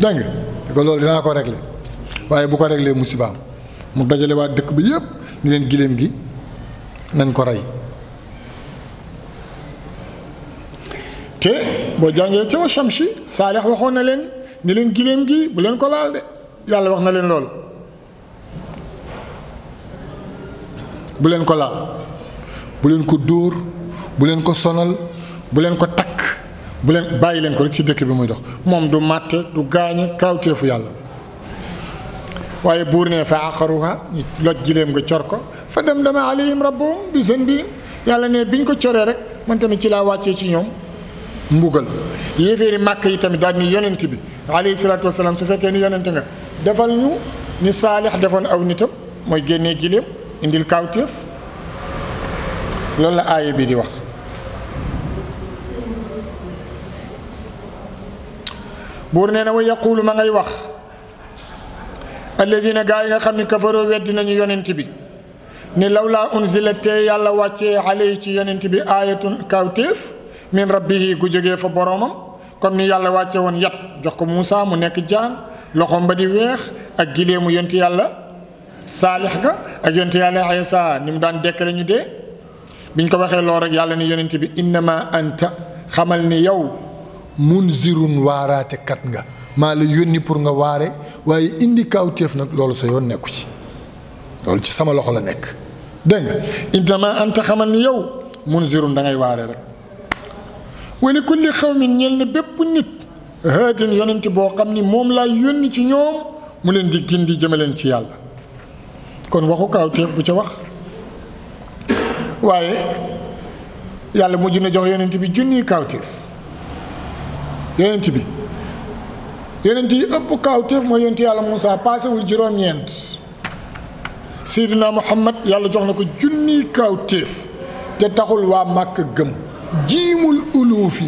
dégg nga loolu dinaa ko regle waaye bu ko réglé musibaam mu dajale waa dëkk bi yépp ni leen giléem gi nañ ko rey te boo jàngee ca wa Shamshi waxoon na leen ni leen giléem gi bu leen ko laal de yàlla wax na leen lool bu leen ko laal bu leen ko dóor bu leen ko sonal bu leen ko takk bu leen bàyyi leen ko rek ci dëkk bi muy dox moom du màtte du gaañe kaawteefu yàlla waaye buur ne fa aqaruha ñu loj giléem nga cor ko fa dem dama alayhim rabbuhum bi zanbihim yàlla ne biñ ko coree rek man tamit ci laa wàccee ci ñoom mbugal yéeféeri makka yi tamit daal ni yonent bi alayhi salatu wasalaam su fekkee ni yonent nga defal ñu ni saalix defoon aw nitam mooy génnee giléem indil kaawteef loolu la aaya bi di wax buur nee na wa yaquulu ma ngay wax alladina gaa yi nga xam ne kafaroo weddi nañu yonent bi ni law laa unzila te yàlla wàccee alay ci yonent bi aayatun kaawteef min rabbihi ku jógee fa boroomam kon ni yàlla wàcce woon yat jox ko Moussa mu nekk jaan loxoom ba di weex ak gileemu yont yàlla saalix ga ak yont yàlla Isa ni mu daan dekkale ñu dee biñ ko waxee loolu rek yàlla ni yonent bi innama anta xamal ni yow munzirun waaraate kat nga maa la yónni pour nga waare waaye indi kawteef nag loolu sa yoon nekku ci loolu ci sama loxo la nekk dégg nga innama anta xamal ni da ngay waare rek wala kulli xawmin ñeel na bépp nit haadin yonent boo xam ni moom laay yónni ci ñoom mu leen di gindi jëmaleen ci yàlla kon waxu kaaw bu ca wax waaye yàlla mujj na jox yonent bi junniy kaawteef yonent bi yonent yi ëpp kaawteef mooy yonent yàlla Moussa paasewul juróom-ñeent Seydina Muhammad yàlla jox na ko junniy kaawteef te taxul waa màkk gëm جيم الألوف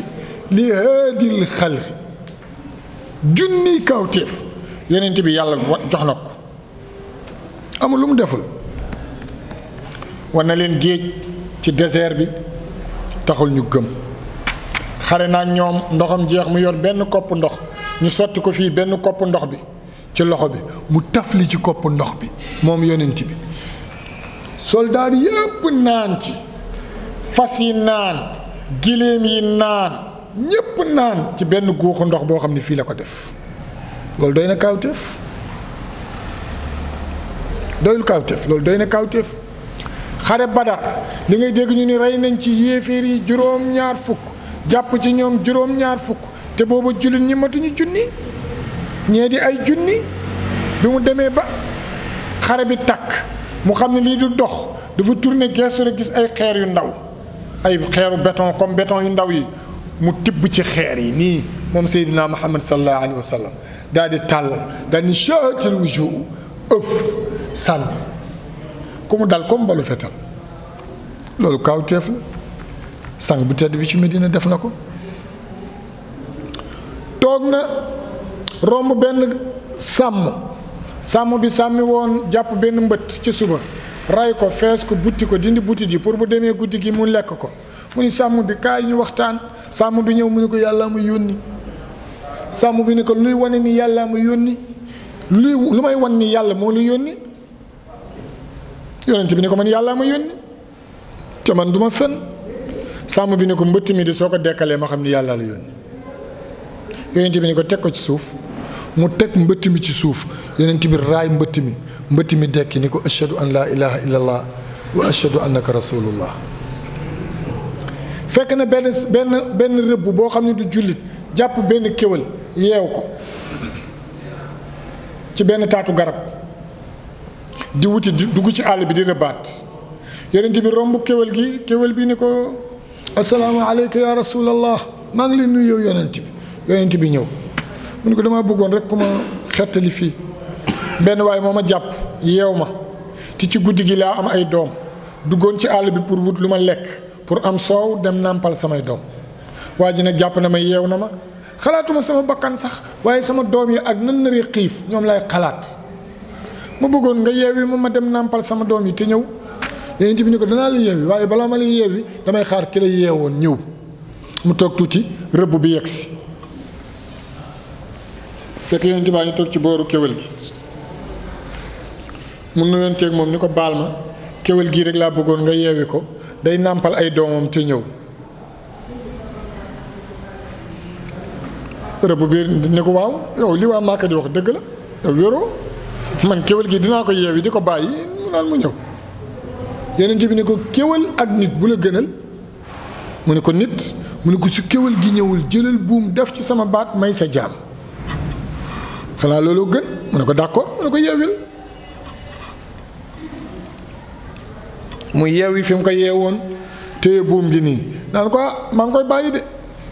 لهذه الخلق جني كوتيف يعني انت بيالا جحنك أمو لم دفل وانا لين جيج تي دزير بي تخل نجم خارنا نيوم نخم جيخ ميور بين كوب نخ نسوت كوفي بين كوب نخ بي تي لخو بي متفلي تي كوب نخ بي موم يونين تي بي سولدار يب نانتي فاسي نان giléem yi naan ñépp naan ci benn guuxu ndox boo xam ne fii la ko def loolu doy na kawteef doyul kawteef loolu doy na kawteef xare badar li ngay dégg ñu ni rey nañ ci yéeféer yi juróom-ñaar fukk jàpp ci ñoom juróom-ñaar fukk te booba jullit ñi matuñu junni ñee di ay junni bi mu demee ba xare bi takk mu xam ne lii du dox dafa tourné gees rek gis ay xeer yu ndaw ay xeeru béton comme béton yu ndaw yi mu tibb ci xeer yi nii moom Seydina Muhammad sallallahu alayhi wa sallam tàll daal di shaatil wuju ëpp sànni ku mu dal comme balu fetal loolu kaw teef la sang bu tedd bi ci Medina def na ko toog na romb benn sàmm sàmm bi sàmmi woon jàpp benn mbët ci suba ray ko fees ko butti ko dindi butti ji pour bu demee guddi gi mu lekk ko mu ni sàmm bi kaay ñu waxtaan sàmm bi ñëw mu ni ko yàllaa ma yónni sàmm bi ni ko luy wane ni yàlla ma yónni luy lu may wan ni yàlla moo lu yónni yonent bi ni ko man yàlla ma yónni te man duma ma fen sàmm bi ni ko mbëtt mi di soo ko dekkalee ma xam ni yàlla la yónni yonent bi ni ko teg ko ci suuf mu teg mbëtt mi ci suuf yonent bi raay mbëtt mi mbëtt mi dekki ni ko ashhadu an laa ilaha illa allah wa ashhadu annaka rasulullah fekk na benn benn benn rëbb boo xam ne du jullit jàpp benn kéwal yeew ko ci benn taatu garab di wuti dugg ci àll bi di rëbbaat yonent bi romb kéwal gi kéwal bi ni ko assalaamu aleyka ya rasulallah maa ngi leen nuyu yow yonent bi yonent bi ñëw mu ne ko damaa bëggoon rek ku ma xettali fii benn waaye moo ma jàpp yeew ma te ci guddi gi laa am ay doom duggoon ci àll bi pour wut lu ma lekk pour am soow dem nàmpal samay doom waa ji nag jàpp na ma yeew na ma xalaatuma sama bakkan sax waaye sama doom yi ak nan naree xiif ñoom laay xalaat ma bëggoon nga yeewi ma ma dem nàmpal sama doom yi te ñëw yéen bi ni ko danaa la yi waaye balaa ma la yeewi damay xaar ki la yeewoon ñëw mu toog tuuti rëbb bi yegsi fekk yonent baa ngi toog ci booru kéwél gi mu nuyoonteeg moom ni ko baal ma kéwél gii rek laa bëggoon nga yeewi ko day nàmpal ay doomam te ñëw rëbb bi ne ko waaw yow li waa Màkka di wax dëgg la yow wéroo man kéwél gi dinaa ko yeewi di ko bàyyi mu naan mu ñëw yonent bi ne ko kéwél ak nit bu la gënal mu ne ko nit mu ne ko su kéwél gi ñëwul jëlal buum def ci sama baat may sa jaam xanaa loolu gën mu ne ko d'accord mu ne ko yeewil mu yeewi fi mu ko yeewoon téye buum gi nii naan ko ah maa ngi koy bàyyi de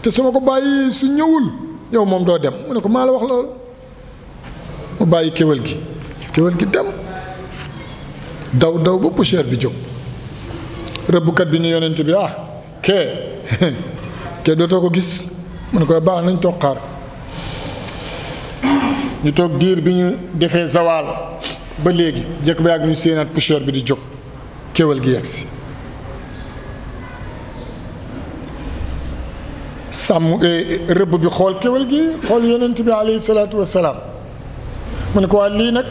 te su ma ko bàyyi su ñëwul yow moom doo dem mu ne ko maa la wax loolu mu bàyyi kéwél gi kéwél gi dem daw daw ba poussière bi jóg rëbbkat bi ni yonent bi ah kee kee dootoo ko gis mu ne ko baax nañ toog ñu to diir bi ñu defee zawaal ba léegi jëkk ba yàgg ñu séenaat poussière bi di jóg kéwal gi yegg si sàmm e, rëbb bi xool kéwal gi xool yonent bi alayhi salaatu wasalaam mu ne ko waa lii nag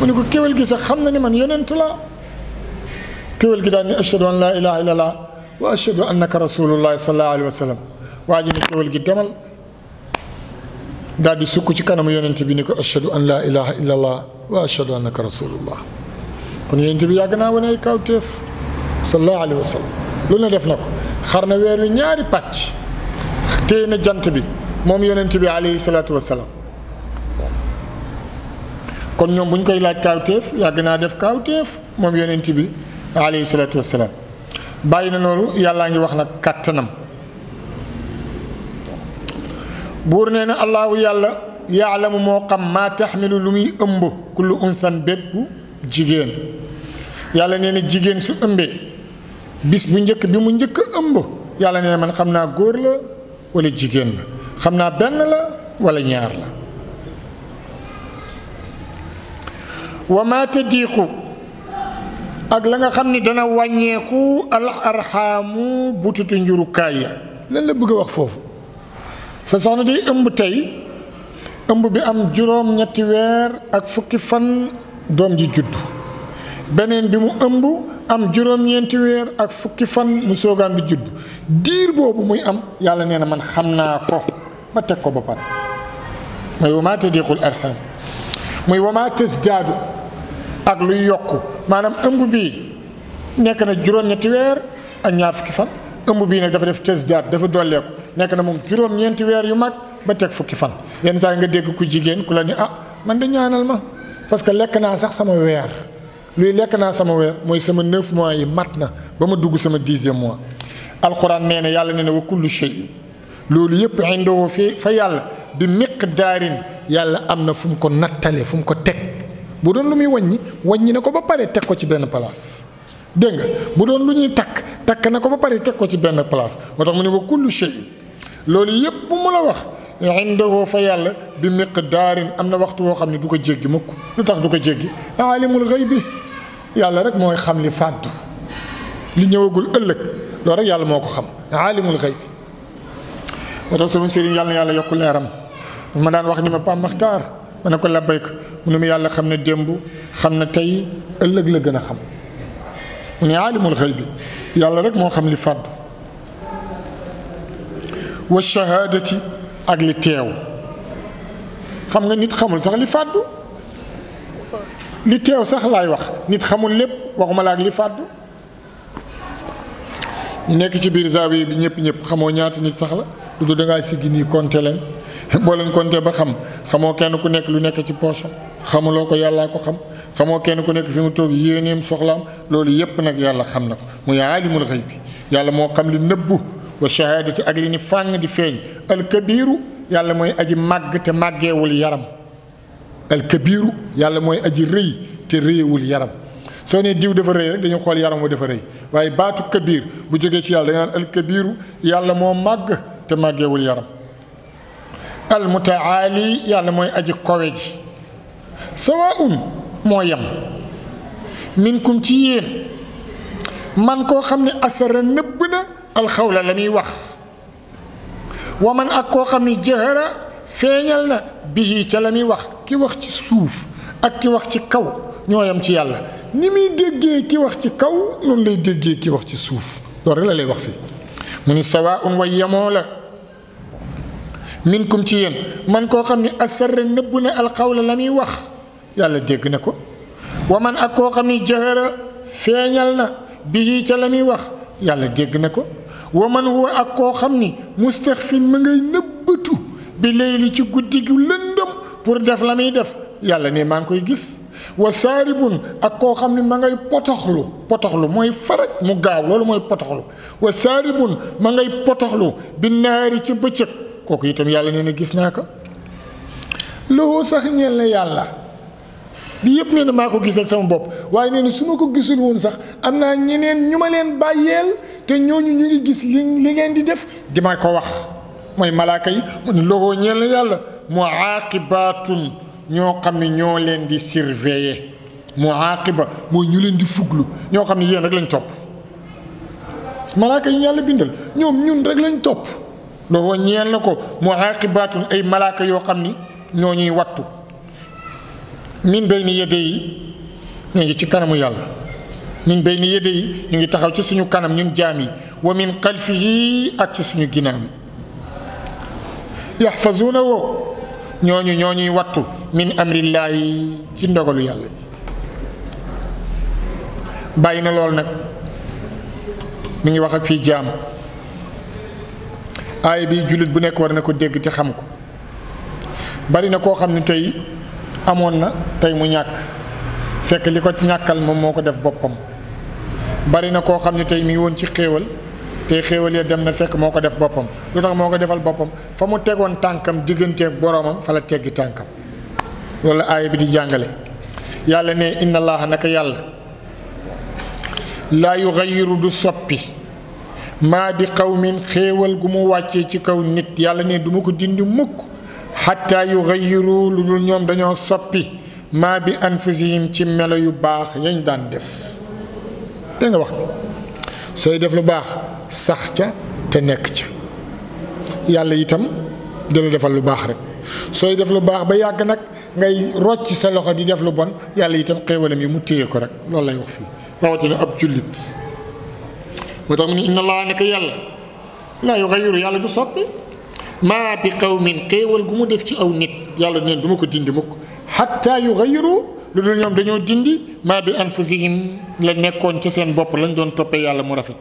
mu ne ko kéwal gi sax xam na ni man yonent laa kéwal gi daan ni ashhadu an laa ilaha illallah wa ashhadu annaka rasulullahi sallallahu alayhi wa sallam waa ji ne kéwal gi demal daal di sukk ci kanamu yonent bi ni ko ashadu an laa ilaha illa allah wa ashadu annaka rasulullah kon yonent bi yàgg naa wane ay kawteef sallallahu alayhi wa sallam lu ne def na ko xar na weer wi ñaari pàcc téye na jant bi moom yonent bi alayhi salaatu wa salaam kon ñoom bu koy laaj kawteef yàgg def kawteef moom yonent bi alayhi salaatu wa salaam bàyyi na loolu yàllaa ngi wax nag kàttanam buur nee na allaahu yàlla mu moo xam maa taxmilu lu muy ëmb kullu unsan bépp jigéen yàlla nee na jigéen su ëmbee bis bu njëkk bi mu njëkk a ëmb yàlla nee na man xam naa góor la wala jigéen la xam naa benn la walla ñaar la wa maa tadiiqu ak la nga xam ni dana wàññeeku al arxaamu njurukaay ya lan la bëgg a wax foofu sa soxna di ëmb tey ëmb bi am juróom ñetti weer ak fukki fan doom ji judd beneen bi mu ëmb am juróom-ñeenti weer ak fukki fan mu soogaan bi judd diir boobu muy am yàlla nee na man xam naa ko ba teg ko ba pare mooy wa maa tadiqul arham muy wa maa tasdaadu ak lu yokk maanaam ëmb bi nekk na juróom-ñetti weer ak ñaar fukki fan ëmb bii nag dafa def tasdaad dafa dolleeku nekk na moom juróom-ñeenti weer yu mag ba teg fukki fan yenn saa nga dégg ku jigéen ku la ni ah man de ñaanal ma parce que lekk naa sax sama weer luy lekk naa sama weer mooy sama neuf mois yi mat na ba ma dugg sama dixième mois alxuraan nee na yàlla ne ne wa kullu shay loolu yëpp indoo fi fa yàlla bi miqdaarin yàlla am na fu mu ko nattale fu mu ko teg bu doon lu muy waññi wàññi na ko ba pare teg ko ci benn place dégg nga bu doon lu ñuy takk takk na ko ba pare teg ko ci benn place moo tax mu ne wa loolu yépp mu la wax عنده في الله بمقدار أمن وقت وقام ندوك جيجي مك نتاك دوك جيجي عالم الغيب يا الله رك موي خام لفاد لن يوغل ألك لو يا الله موكو خام عالم الغيب وطن سمين سيرين يا الله يا الله يقول نيرم ومدان وقت نمبا مختار من لا لبايك منو يا الله خام ندينبو خام نتاي ألك لغنا خام من عالم الغيب يا الله رك موي خام لفاد والشهادة أجل تيو خم غني تخمل سخ اللي فادو اللي تيو سخ لا يوخ نتخمل لب وقم لا اللي فادو نيكي تي بير زاوي بي نيب نيب خمو نيات نيت سخ لا دودو داغا سيغي ني كونتلن بولن كونتي با خم خمو كين كو نيك لو نيك تي بوشو خمولو كو يالا كو خم خمو كين كو نيك فيمو توك يينيم سخلام لولو ييب عالم الغيب يالا مو خم لي نبو وشهادة أجلني فان دي فين الكبير يالا موي أجي مغ تي ماغيول يارام الكبير يالا موي أجي ري تي ريول يارام سوني ديو دافا ري دا نيو خول يارام و دافا ري واي باتو كبير بو جوغي سي يالا نان الكبير يالا مو مغ تي ماغيول يارام المتعالي يالا موي أجي كوويج سواء مويام منكم تيين من كو خامني اسر نبنا alxawla la muy wax waman ak koo xam ni jëhëra feeñal na bihi ca la muy wax ki wax ci suuf ak ki wax ci kaw ñooyam ci yàlla ni muy déggee ki wax ci kaw noonu lay déggee ki wax ci suuf loolu rek la lay wax fii mu ni sawaun way yemoo la minkum ci yéen man koo xam ni asarra nëbb na alxawla la muy wax yàlla dégg na ko wa man ak koo xam ni jëhëra feeñal na bihi ca la muy wax yàlla dégg na ko wa man huwa ak koo xam ni mustaxfin ma ngay nëbbatu bi layli ci guddi gu lëndëm pour def la muy def yàlla ne maa ngi koy gis wa saaribun ak koo xam ne ma ngay potoxlu potoxlu mooy faraj mu gaaw loolu mooy potoxlu wa saaribun ma ngay potoxlu bi naari ci bëccëg kooku itam yàlla nee na gis naa ko loo sax ñeel na yàlla lii yëpp nee na maa ko gisee sama bopp waaye nee na su ma ko gisul woon sax am naa ñeneen ñu ma leen bàyyeel te ñooñu ñu ngi gis li li ngeen di def di ma ko wax mooy malaaka yi mu ne loxoo ñeel na yàlla mu aaqibaatun ñoo xam ne ñoo leen di surveiller mu aaqiba mooy ñu leen di fuglu ñoo xam ne yéen rek lañ topp malaaka yi yàlla bindal ñoom ñun rek lañ topp loxoo ñeel na ko mu aaqibaatun ay malaaka yoo xam ni ñoo ñuy wattu min béy ni yi ñu ngi ci kanamu yàlla min béy ni yi ñu ngi taxaw ci suñu kanam ñun jaam yi wa min qalfihi ak ci suñu ginnaaw yahfazuna wo woo ñooñu wattu min amrillaahi ci ndogalu yàlla bayina bàyyi na nag mi ngi wax ak fii jaam ay bi julit bu nekk war na ko deg ci xam ko bari na ko xamni tay amoon na tey mu ñàkk fekk li ko ñàkkal moom moo ko def boppam bari na koo xam ne tey mi woon ci xéewal tey xéewal ya dem na fekk moo ko def boppam lu tax moo ko defal boppam fa mu tegoon tànkam diggante boroomam fa la teggi tànkam loolu la aaya bi di jàngale yàlla ne inna allaha naka yàlla laa yugayiru du soppi maa bi qawmin xéewal gu mu wàccee ci kaw nit yàlla ne duma ko dindi mukk xatta yugayiru lu dul ñoom dañoo soppi maa bi anfusihim ci melo yu baax yañ daan def dégg nga wax sooy def lu baax sax ca te nekk ca yàlla itam dina defal lu baax rek sooy def lu baax ba yàgg nag ngay rocc sa loxo di def lu bon yàlla itam xéewalam yi mu téye ko rek loolu lay wax fii rawatina ab jullit moo tax mu ne inna allah naka yàlla laa yugayiru yàlla du soppi maa bi qawmin xéewal gu mu def ci aw nit yàlla neen du ma ko dindi mukk xatta yugayiru lu dul ñoom dañoo dindi maa bi anfusihim la nekkoon ci seen bopp lañ doon toppee yàlla mu rafet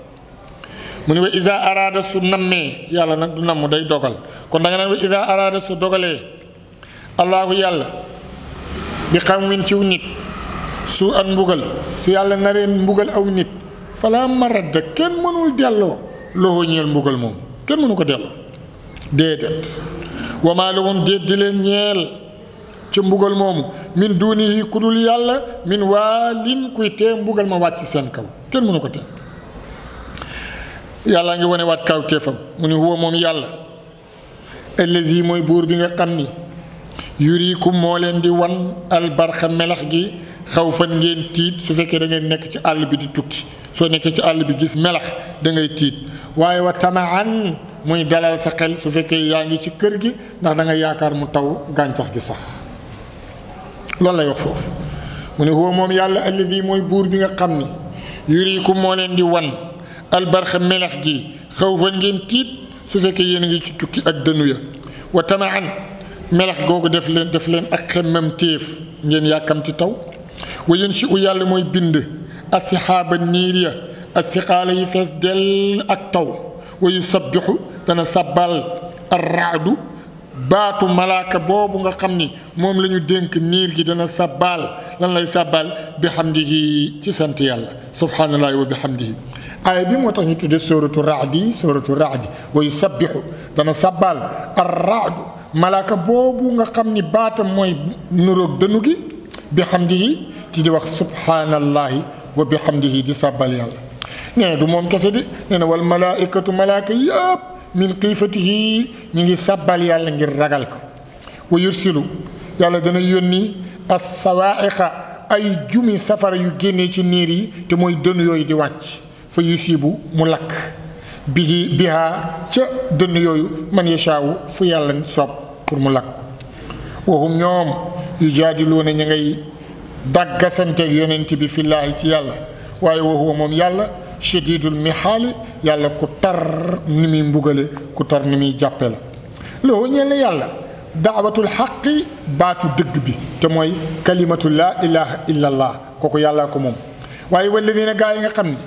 mu ne wa isa araada su nammee yàlla nag du namm day dogal kon da nga naan wa araada su dogalee allahu yàlla bi qawmin ciw nit su an mbugal su yàlla nareen mbugal aw nit fala maradda kenn mënul delloo loxoo ñeel mbugal moom kenn mënu ko delloo déedéet wa maa lahum déet di leen ñeel ca mbugal moomu min duunihi ku dul yàlla min waa waalin kuy tee mbugal ma wàcc seen kaw kenn mënu ko tee yàlla ngi wane waat kaw teefam mu ne huwa moom yàlla allazi mooy buur bi nga xam ni yurikum moo leen di wan albarxa melax gi xaw fan ngeen tiit su fekkee da ngeen nekk ci àll bi di tukki soo nekkee ci àll bi gis melax dangay ngay tiit waaye wa tamaan muy dalal sa xel su fekkee yaa ngi ci kër gi ndax da yaakaar mu taw gàncax gi sax loolu lay wax foofu mu ne huwa moom yàlla alladi mooy buur bi nga xam ni yuriikum moo leen di wan albarx melax gi xaw fan ngeen tiit su fekkee yéen a ngi ci tukki ak dënu ya wa tamaan melax googu def leen def leen ak xemmam téef ngeen yàkkamti taw wa yén si u yàlla mooy bind asixaaba niir ya asixaala yi fees dell ak taw wa yusabbihu سبال الرعد باتو ملاك بوبو nga xamni mom lañu dénk nir gi dana sabbal lan lay sabbal bi hamdihi ci sant yàlla subhanallahi wa bihamdihi ay bi motax ñu tudde suratul ra'd suratul ra'd wa yusabbihu dana sabbal rad ملاك بوبو nga xamni batam moy mooy dënu gi bi hamdihi ti di wax subhanallahi wa bihamdihi di sabbal yàlla nee du moom kese di nee wal malaikatu malaika yëpp min qifatihi ni ngi sabbal yalla ngir ragal ko wa yursilu yàlla dana yoni as sawaiqa ay jumi safara yu génnee ci niri te moy dënn yoy di wacc fa yusibu mu lak bihi biha ca dënn yoy man yashaw fu yalla sop pour mu lakk waxum ñom yu jaadiluuna ña ngay dàggasanteeg yonent bi fillahi ci yalla waye waxuma mom yalla shadidul mihaali yàlla ku tar ni muy mbugale ku tar ni muy jàppe la loo ñeel na yàlla daawatul xaqi baatu dëgg bi te mooy kalimatu laa ilaha illa allah kooku yàllaa ko moom waaye walladina gaa yi nga xam ne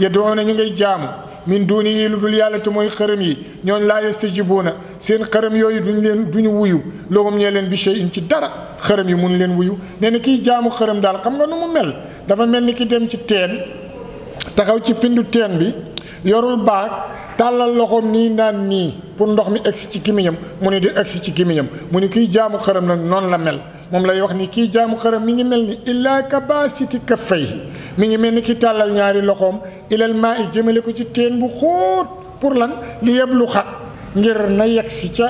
yadduuna ñu ngay jaamu min duuni yi lu dul yàlla te mooy xërëm yi ñoon laa yastajibuuna seen xërëm yooyu duñ leen duñu wuyu loogum ñee leen bi shay'in ci dara xërëm yi mun leen wuyu nee na kiy jaamu xërëm daal xam nga nu mu mel dafa mel ni ki dem ci teen taxaw ci pindu teen bi yorul baag tàllal loxoom nii naan nii pour ndox mi egsi ci gémmiñam mu ne di egsi ci gémmiñam mu ne kiy jaamu xërëm nag noonu la mel moom lay wax ni kii jaamu xërëm mi ngi mel ni illaa kabasiti kaffayhi mi ngi mel ni ki tàllal ñaari loxoom ilal maa i jëmale ko ci teen bu xóot pour lan li yeblu xat ngir na yegsi ca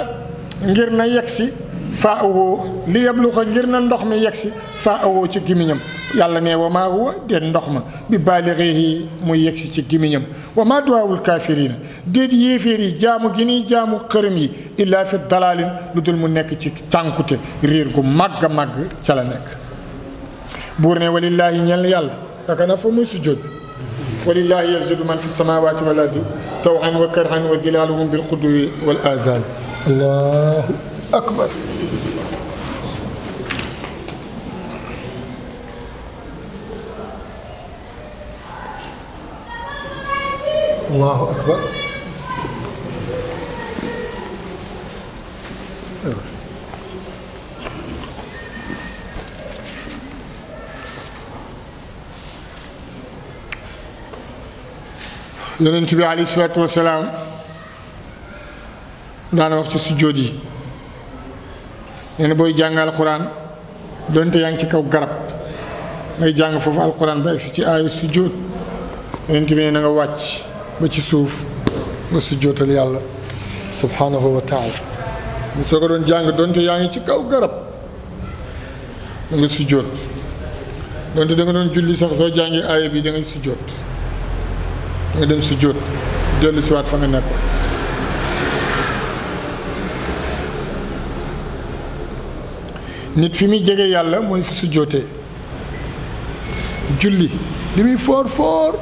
ngir na yegsi faa awoo li yeblu xat ngir na ndox mi yegsi faa awoo ci gémmiñam yàlla ne wa maa huwa déet ndox ma bi baalixihi muy yegsi ci gémmiñam wa maa duwaawul kaafirina déet yéeféer yi jaamu gi nii jaamu xërëm yi illaa fi dalaalin lu dul mu nekk ci cànkute réer gu màgg a màgg ca la nekk buur ne walillaahi ñel yàlla kaka na fa muy sujjóot walillaahi yasjudu man fi samaawaati wal ardi tawan wa karhan wa dilaaluhum bilquduwi wal azan allahu akbar Allahu akbar. Evet. bi alayhi salaatu wasalaam daana wax ci sujjóot yi nee booy jàng alxuraan donte yaa ngi ci kaw garab ngay jàng foofu alxuraan ba egsi ci aayu sujjóot yonent bi ne na wàcc ba ci suuf nga sujjootal yàlla subhanahu wa taala ñu soo ko doon jàng donte yaa ngi ci kaw garab da nga sujjoot donte da doon julli sax soo jàngee aaya bi da nga sujjoot da nga dem sujjoot dellu siwaat fa nga nekk nit fi muy jege yàlla mooy fi sujjootee julli li muy foor foor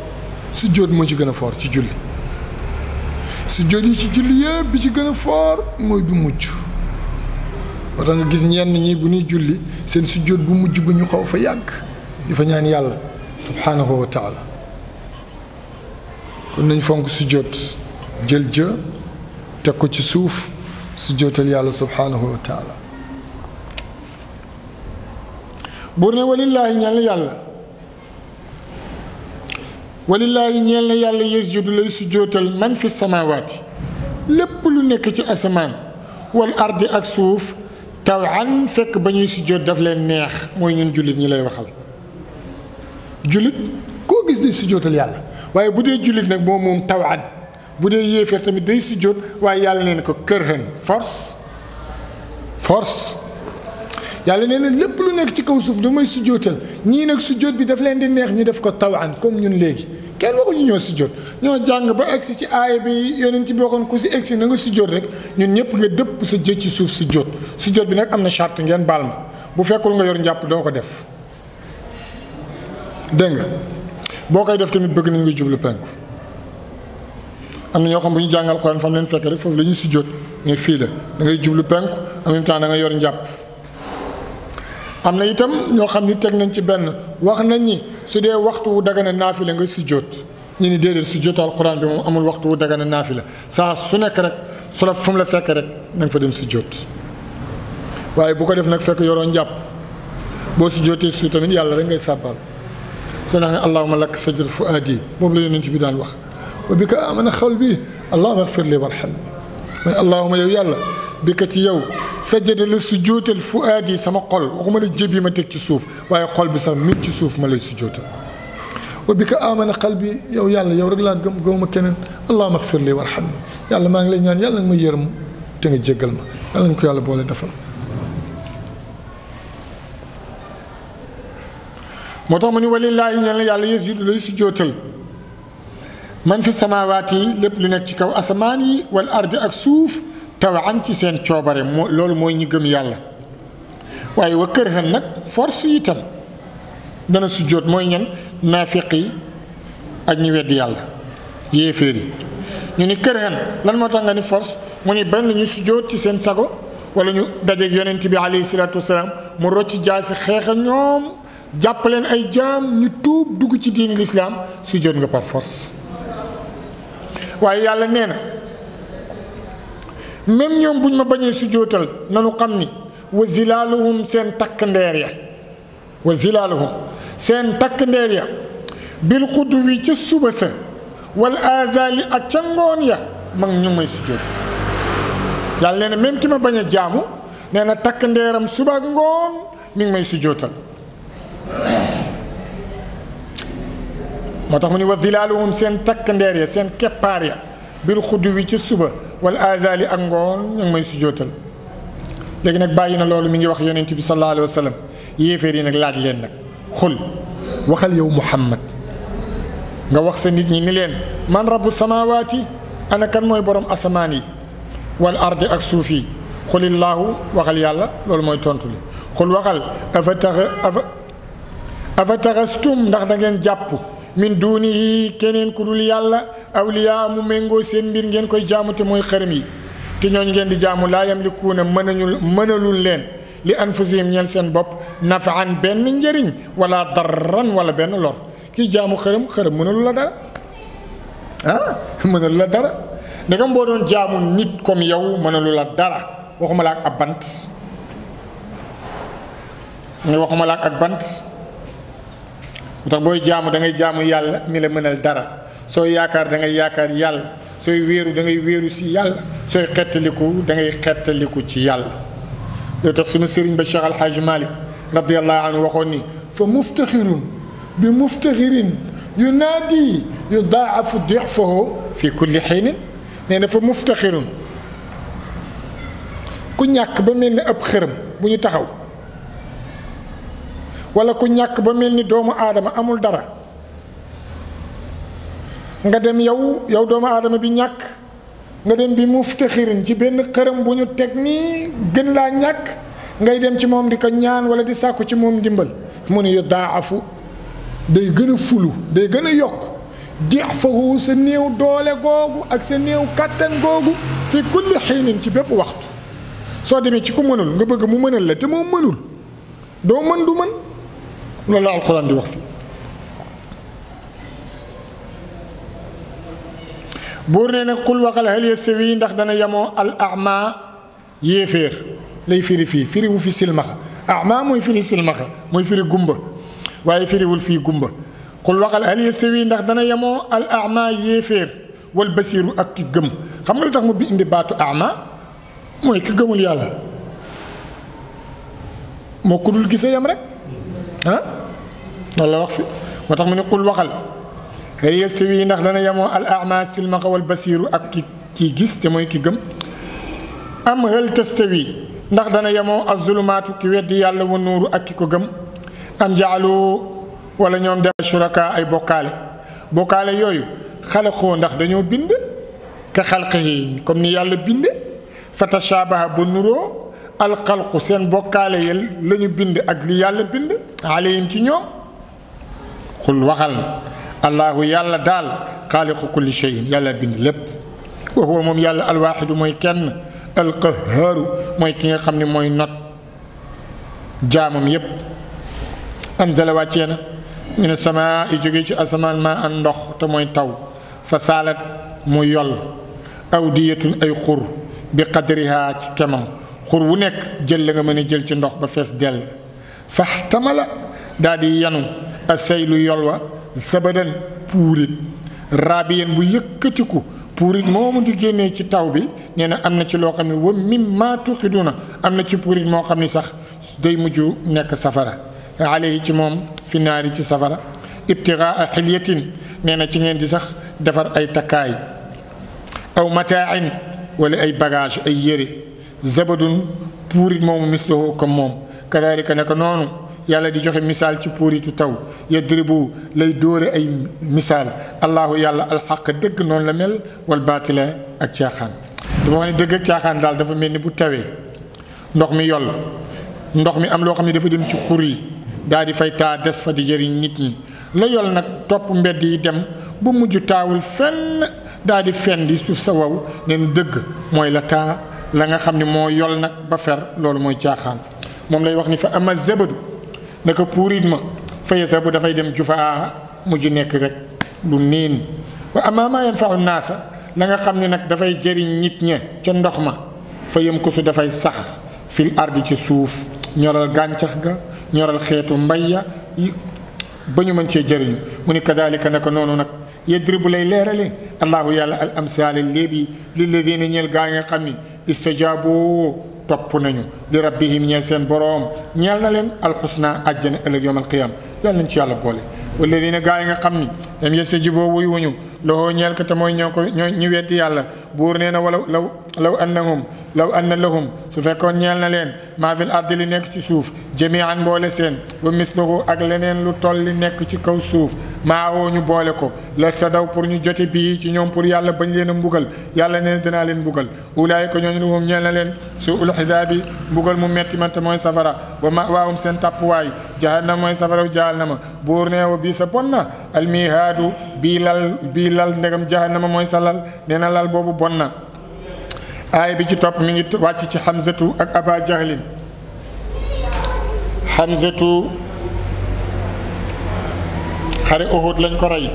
sujjóot moo ci gën a fort ci julli sujjóot yi ci julli yëpp bi ci gën a fort mooy bu mujj moo tax nga gis ñenn ñi bu ñuy julli seen sujjóot bu mujj bu ñu xaw fa yàgg di ñaan yàlla subhaanahu wa taala kon nañ fonk sujjóot jël jë teg ko ci suuf sujjóotal yàlla subhaanahu wa buur ne walillaahi ñaan yàlla ولله نيالنا يالا يسجد لي سجوتال من في السماوات لب لو نيك تي اسمان والارض اك سوف تو عن فك با ني سجود داف لين نيه موي نين جوليت ني لاي وخال جوليت كو غيس دي سجوتال يالا واي بودي جوليت نك مو موم تو عن بودي ييفر تامي دي سجود واي يالا نين كو كرهن فورس فورس yàlla nee na lépp lu nekk ci kaw suuf damay sujjootal ñii nag sujjoot bi daf leen di neex ñu def ko tawaan comme ñun léegi kenn ñu ñoo sujjoot ñoo jàng ba egsi ci aaya bi yonent bi waxoon ku si egsi na nga sujjoot rek ñun ñëpp nga dëpp sa jë ci suuf sujjoot sujjoot bi nag am na charte ngeen baal ma bu fekkul nga yor njàpp doo ko def dégg nga boo koy def tamit bëgg nañ nga jublu penku am na ñoo xam bu ñu jàngal xooleen fam leen fekk rek foofu la ñuy sujjoot mais fii la da jublu penku en même da nga yor njàpp am na itam ñoo xam ni teg nañ ci benn wax nañ ni su dee waxtu wu dagana naafila nga sujjóot ñu ni déedéet sujjóotu alquran bi moom amul waxtu wu dagana naafila saa su nekk rek su la fu mu la fekk rek na nga fa dem sujjóot waaye bu ko def nag fekk yoroon jàpp boo sujjóotee su tamit yàlla rek ngay sàbbal soo naa ne allahuma lakk sajjat fuaadi moom la yonent bi daan wax wa bi ka amana xawl bi allahuma axfir li warhamni mooy allahuma yow yàlla bi ka ci yow sajjada la sujjóotal fuaad yi sama xol waxuma la jëb yi ma teg ci suuf waaye xol bi sax mit ci suuf ma lay sujjóotal wa bi ka amana qalbi yow yàlla yow rek laa gëm gëwuma keneen allahuma axfir li warhamni yàlla maa ngi lay ñaan yàlla nga ma yërëm te nga jéggal ma yàlla nga ko yàlla boole defal moo tax mu ni walillaahi ñeen la yàlla yées yudu lay sujjóotal man fi samaawaat yi lépp lu nekk ci kaw asamaan yi wal ardi ak suuf tawaan ci seen coobare moo loolu mooy ñi gëm yàlla waaye wa kër xan nag force itam dana sujjóot mooy ñan naafiq yi ak ñi weddi yàlla yéeféer yi ñu ni kër xan lan moo tax nga ni force mu ni benn ñu sujjóot ci seen sago wala ñu daje yonent bi alayhi salaatu wasalaam mu rocc jaasi xeex a ñoom jàpp leen ay jaam ñu tuub dugg ci diini lislaam sujjóot nga par force waaye yàlla nee na même ñom buñ ma bañé su jotal nanu xamni wa zilaluhum sen tak ndeer ya wa zilaluhum sen tak ndeer ya bil qudwi ci suba sa wal azali ak ca ngoon ya mag ñu may su jootal yàlla nee même ki ma bañé jaamu neena tak ndeeram suba ngon mi ngi may su jotal moo tax mu ni wa zilaaluhum seen takk ndeer ya seen keppaar ya bil xudu wi suba wal azali ak ngoon ñu ngi may sujjootal léegi nag bàyyi na loolu mi ngi wax yonent bi sallallahu alayhi wa sallam yéeféer yi nag laaj leen nag xul waxal yow muhammad nga wax sa nit ñi ni leen man rabbu samawaati ana kan mooy borom asamaan yi wal ardi ak suuf yi xulillaahu waxal yàlla loolu mooy tontu li xul waxal afa taxa afa afa taxastum ndax da ngeen jàpp min duunihi keneen ku dul yàlla awliyaa mu méngoo seen mbir ngeen koy jaamu te mooy xërëm yi te ñooñu ngeen di jaamu laa yamlikuuna mënañul mënalul leen li anfusihim ñeel seen bopp nafaan benn njëriñ wala darran wala benn lor kii jaamu xërëm xërëm mënalu la dara ah mënalu la dara ndegam boo doon jaamu nit comme yow mënalu la dara waxuma la ak ab bant waxuma la ak bant motax boy jaamu da ngay jaamu yàlla mi la meunal dara sooy yaakar da ngay yaakar yàlla sooy wëru da ngay wëru ci yàlla sooy xettaliku da ngay xettaliku ci yàlla loo tax sunu sëriñ ba Cheikh Alhaaj Malick radiallahu anhu waxoon ni fa muftakhirun bi muftakhirin yunadi yudha'afu dhi'fuhu fi kulli hin neena fa muftakhirun ku ñak ba melni ab xërëm bu ñu taxaw wala ku ñàkk ba mel ni doomu aadama amul dara nga dem yow yow doomu aadama bi ñàkk nga dem bi muftaxirin ci benn xërëm bu ñu teg nii gën laa ñàkk ngay dem ci moom di ko ñaan wala di sàkku ci moom ndimbal mu ne afu day gën a fulu day gën a yokk difahu sa néew doole googu ak sa néew kàttan googu fi kulli xiinin ci bépp waxtu soo demee ci ku mënul nga bëgg mu mënal la te moo mënul doo mën du mën ولا لا القران اللي وقفي بورنا نقول وقال هل يستوي ندخ دنا يمو الاعمى يفير لي فيري في فيري وفي سلمخ اعمى موي فيري سلمخ موي فيري غومبا واي فيري ول في غومبا قل وقال هل يستوي ندخ دنا يمو الاعمى يفير والبصير اكي غم خم نتا مو بي اندي باتو اعمى موي كي غمول يالا مو كودول كيسيام رك ها الله وقفي ما من يقول وقل هي يستوي نخ دانا يمو الاعمى سلم قول البصير اك كي كي غيس ام هل تستوي نخ دانا يمو الظلمات كي ود يالا ونور اك كي ام جعلوا ولا نيوم دا شركاء اي بوكال بوكال يوي خلقو نخ دانيو بيند كخلقه كوم ني يالا فتشابه بنورو الخلق سين بوكال يل لا ني بيند اك لي يالا بيند عليهم تي نيوم قل وخال الله يالا دال قال خالق كل شيء يالا بيند لب وهو موم يالا الواحد موي القهر القهار موي كيغا خامني موي نوت جامم يب انزل واتينا من السماء جوغي سي ما اندخ تا موي تاو فسالت مو اوديه اي خور بقدرها كمم xur wu nekk jël la nga mën a jël ci ndox ba fees dell faxtamala daal di yanu asaylu yol wa sabadan puurit raabiyan bu yëkkatiku puurit moomu di génnee ci taw bi nee na ci loo xam wa mim maa tuqiduna am ci puurit moo xam sax day mujj nekk safara alayhi ci moom fi naari ci safara ibtiraa xilyatin nee na ci ngeen di sax defar ay takkaay aw mataain wala ay bagage ay yére zabadun puurit moomu mislahu comme moom kadalika naka noonu yàlla di joxe misaal ci puuritu taw yadribu lay dóore ay misaal allahu yàlla alxaq dëgg noonu la mel wal baatila ak caaxaan dafa wax ne dëgg ak caaxaan daal dafa mel ni bu tawee ndox mi yoll ndox mi am loo xam ne dafa dem ci xur yi di fay taa des fa di jëriñ nit ñi la yoll nag topp mbedd yi dem bu mujj taawul fenn daal di fen suuf sa wow neen dëgg mooy la taa la nga xamni mo yol nak ba fer lolou moy tiaxan mom lay wax ni fa ama zabadu naka puurit ma faye sa bu fay dem jufaa mujj nek rek lu niin wa ama ma yanfau nasa la nga xamni nak da fay jeri nit ñe ci ndox ma fa yëm ko su da fay sax fil ardi ci suuf ñoral gantax ga ñoral xetu mbay bañu ba ñu mën cee jëriñu mu ni kadalika naka nonu nak yedribu lay leerale allahu yàlla al amsaale léeb yi li ladina ñeel gaa nga xam istajaabu topp nañu li rabbihim ñeel seen boroom ñeel na leen alxusna àjjana ëllëg yawmal qiyaam yàlla nañ ci yàlla boole wala lii ne gaa yi nga xam ni dem yestajiboo wuyu wuñu loxoo ñeel ko te mooy ñoo ko ñoo ñu weddi yàlla buur nee na walaw law law annahum law anna lahum su fekkoon ñeel na leen maa fil ardi li nekk ci suuf jamian boole seen wa mislahu ak leneen lu toll li ci kaw suuf maawoo ñu boole ko la sa daw pour ñu jote bii ci ñoom pour yàlla bañ leen a mbugal yàlla nee danaa leen mbugal ulaay ko ñooñu lahum ñeel na leen su ul xisaabi mbugal mu metti man te mooy safara wa ma waawum seen tàppuwaay jahannam mooy safaraw jahannama buur nee wa sa bon na almihaadu bii lal bii lal ndegam jahannama mooy sa lal lal boobu bon na aay bi ci topp mi ngi wàcc ci xamsatu ak aba jahlin xamsatu xare Uhud lañ ko rey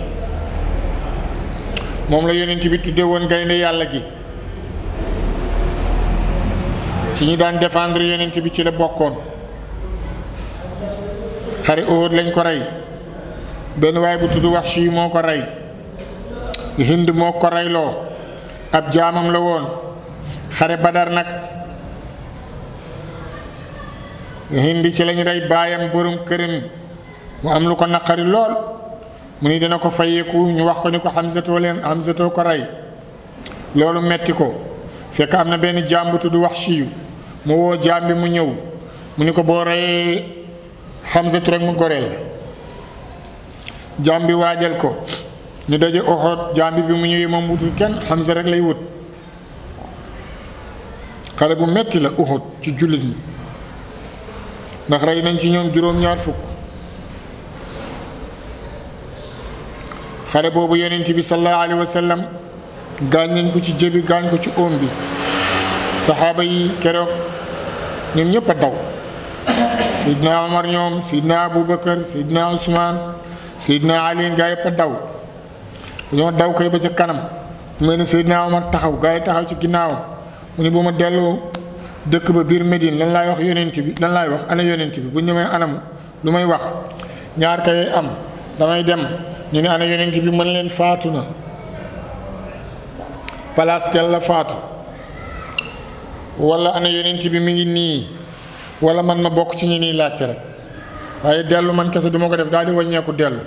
moom la yonent bi tudde woon gaynde yàlla gi ci ñu daan défendre yonent bi ci la bokkoon xare Uhud lañ ko rey benn waay bu tudd wax si moo ko rey Hind moo ko reyloo ab jaamam la woon xare badar nag hindi ci lañu rey baayam borom këram mu am lu ko naqari lool mu ni dana ko fayeeku ñu wax ko ni ko xamsatoo leen xamsatoo ko rey loolu metti ko fekk am na benn jaam du wax siyu mu woo jaam bi mu ñëw mu ni ko boo reyee xamsatu rek mu goreel jaam waajal ko ñu daje oxoot jaambi bi mu ñëwee moom wutul kenn Hamza rek lay wut xare bu metti la uxut ci jullit ñi ndax rey nañ ci ñoom juróom-ñaar fukk xare boobu yonent bi sallallahu alayhi wa gaañ nañ ko ci jëbi gaañ ko ci óom bi saxaaba yi keroog ñoom ñëpp a daw Seydina Omar ñoom Seydina Aboubacar Seydina Ousmane Seydina Ali gaa yëpp a daw dañoo daw koy ba ca kanam mu mel ne Seydina Omar taxaw gaa yi taxaw ci ginnaawam mu ne ma delloo dëkk ba biir Médine lan laay wax yonent bi lan laay wax ana yonent bi bu ñu demee lu may wax ñaar kay am damay dem ñu ne ana yonent bi mën leen faatu na palaas tel la faatu wala ana yonent bi mi ngi nii wala man ma bokk ci ñu nii laajte rek waaye dellu man kese du ma ko def daal di wàññeeku dellu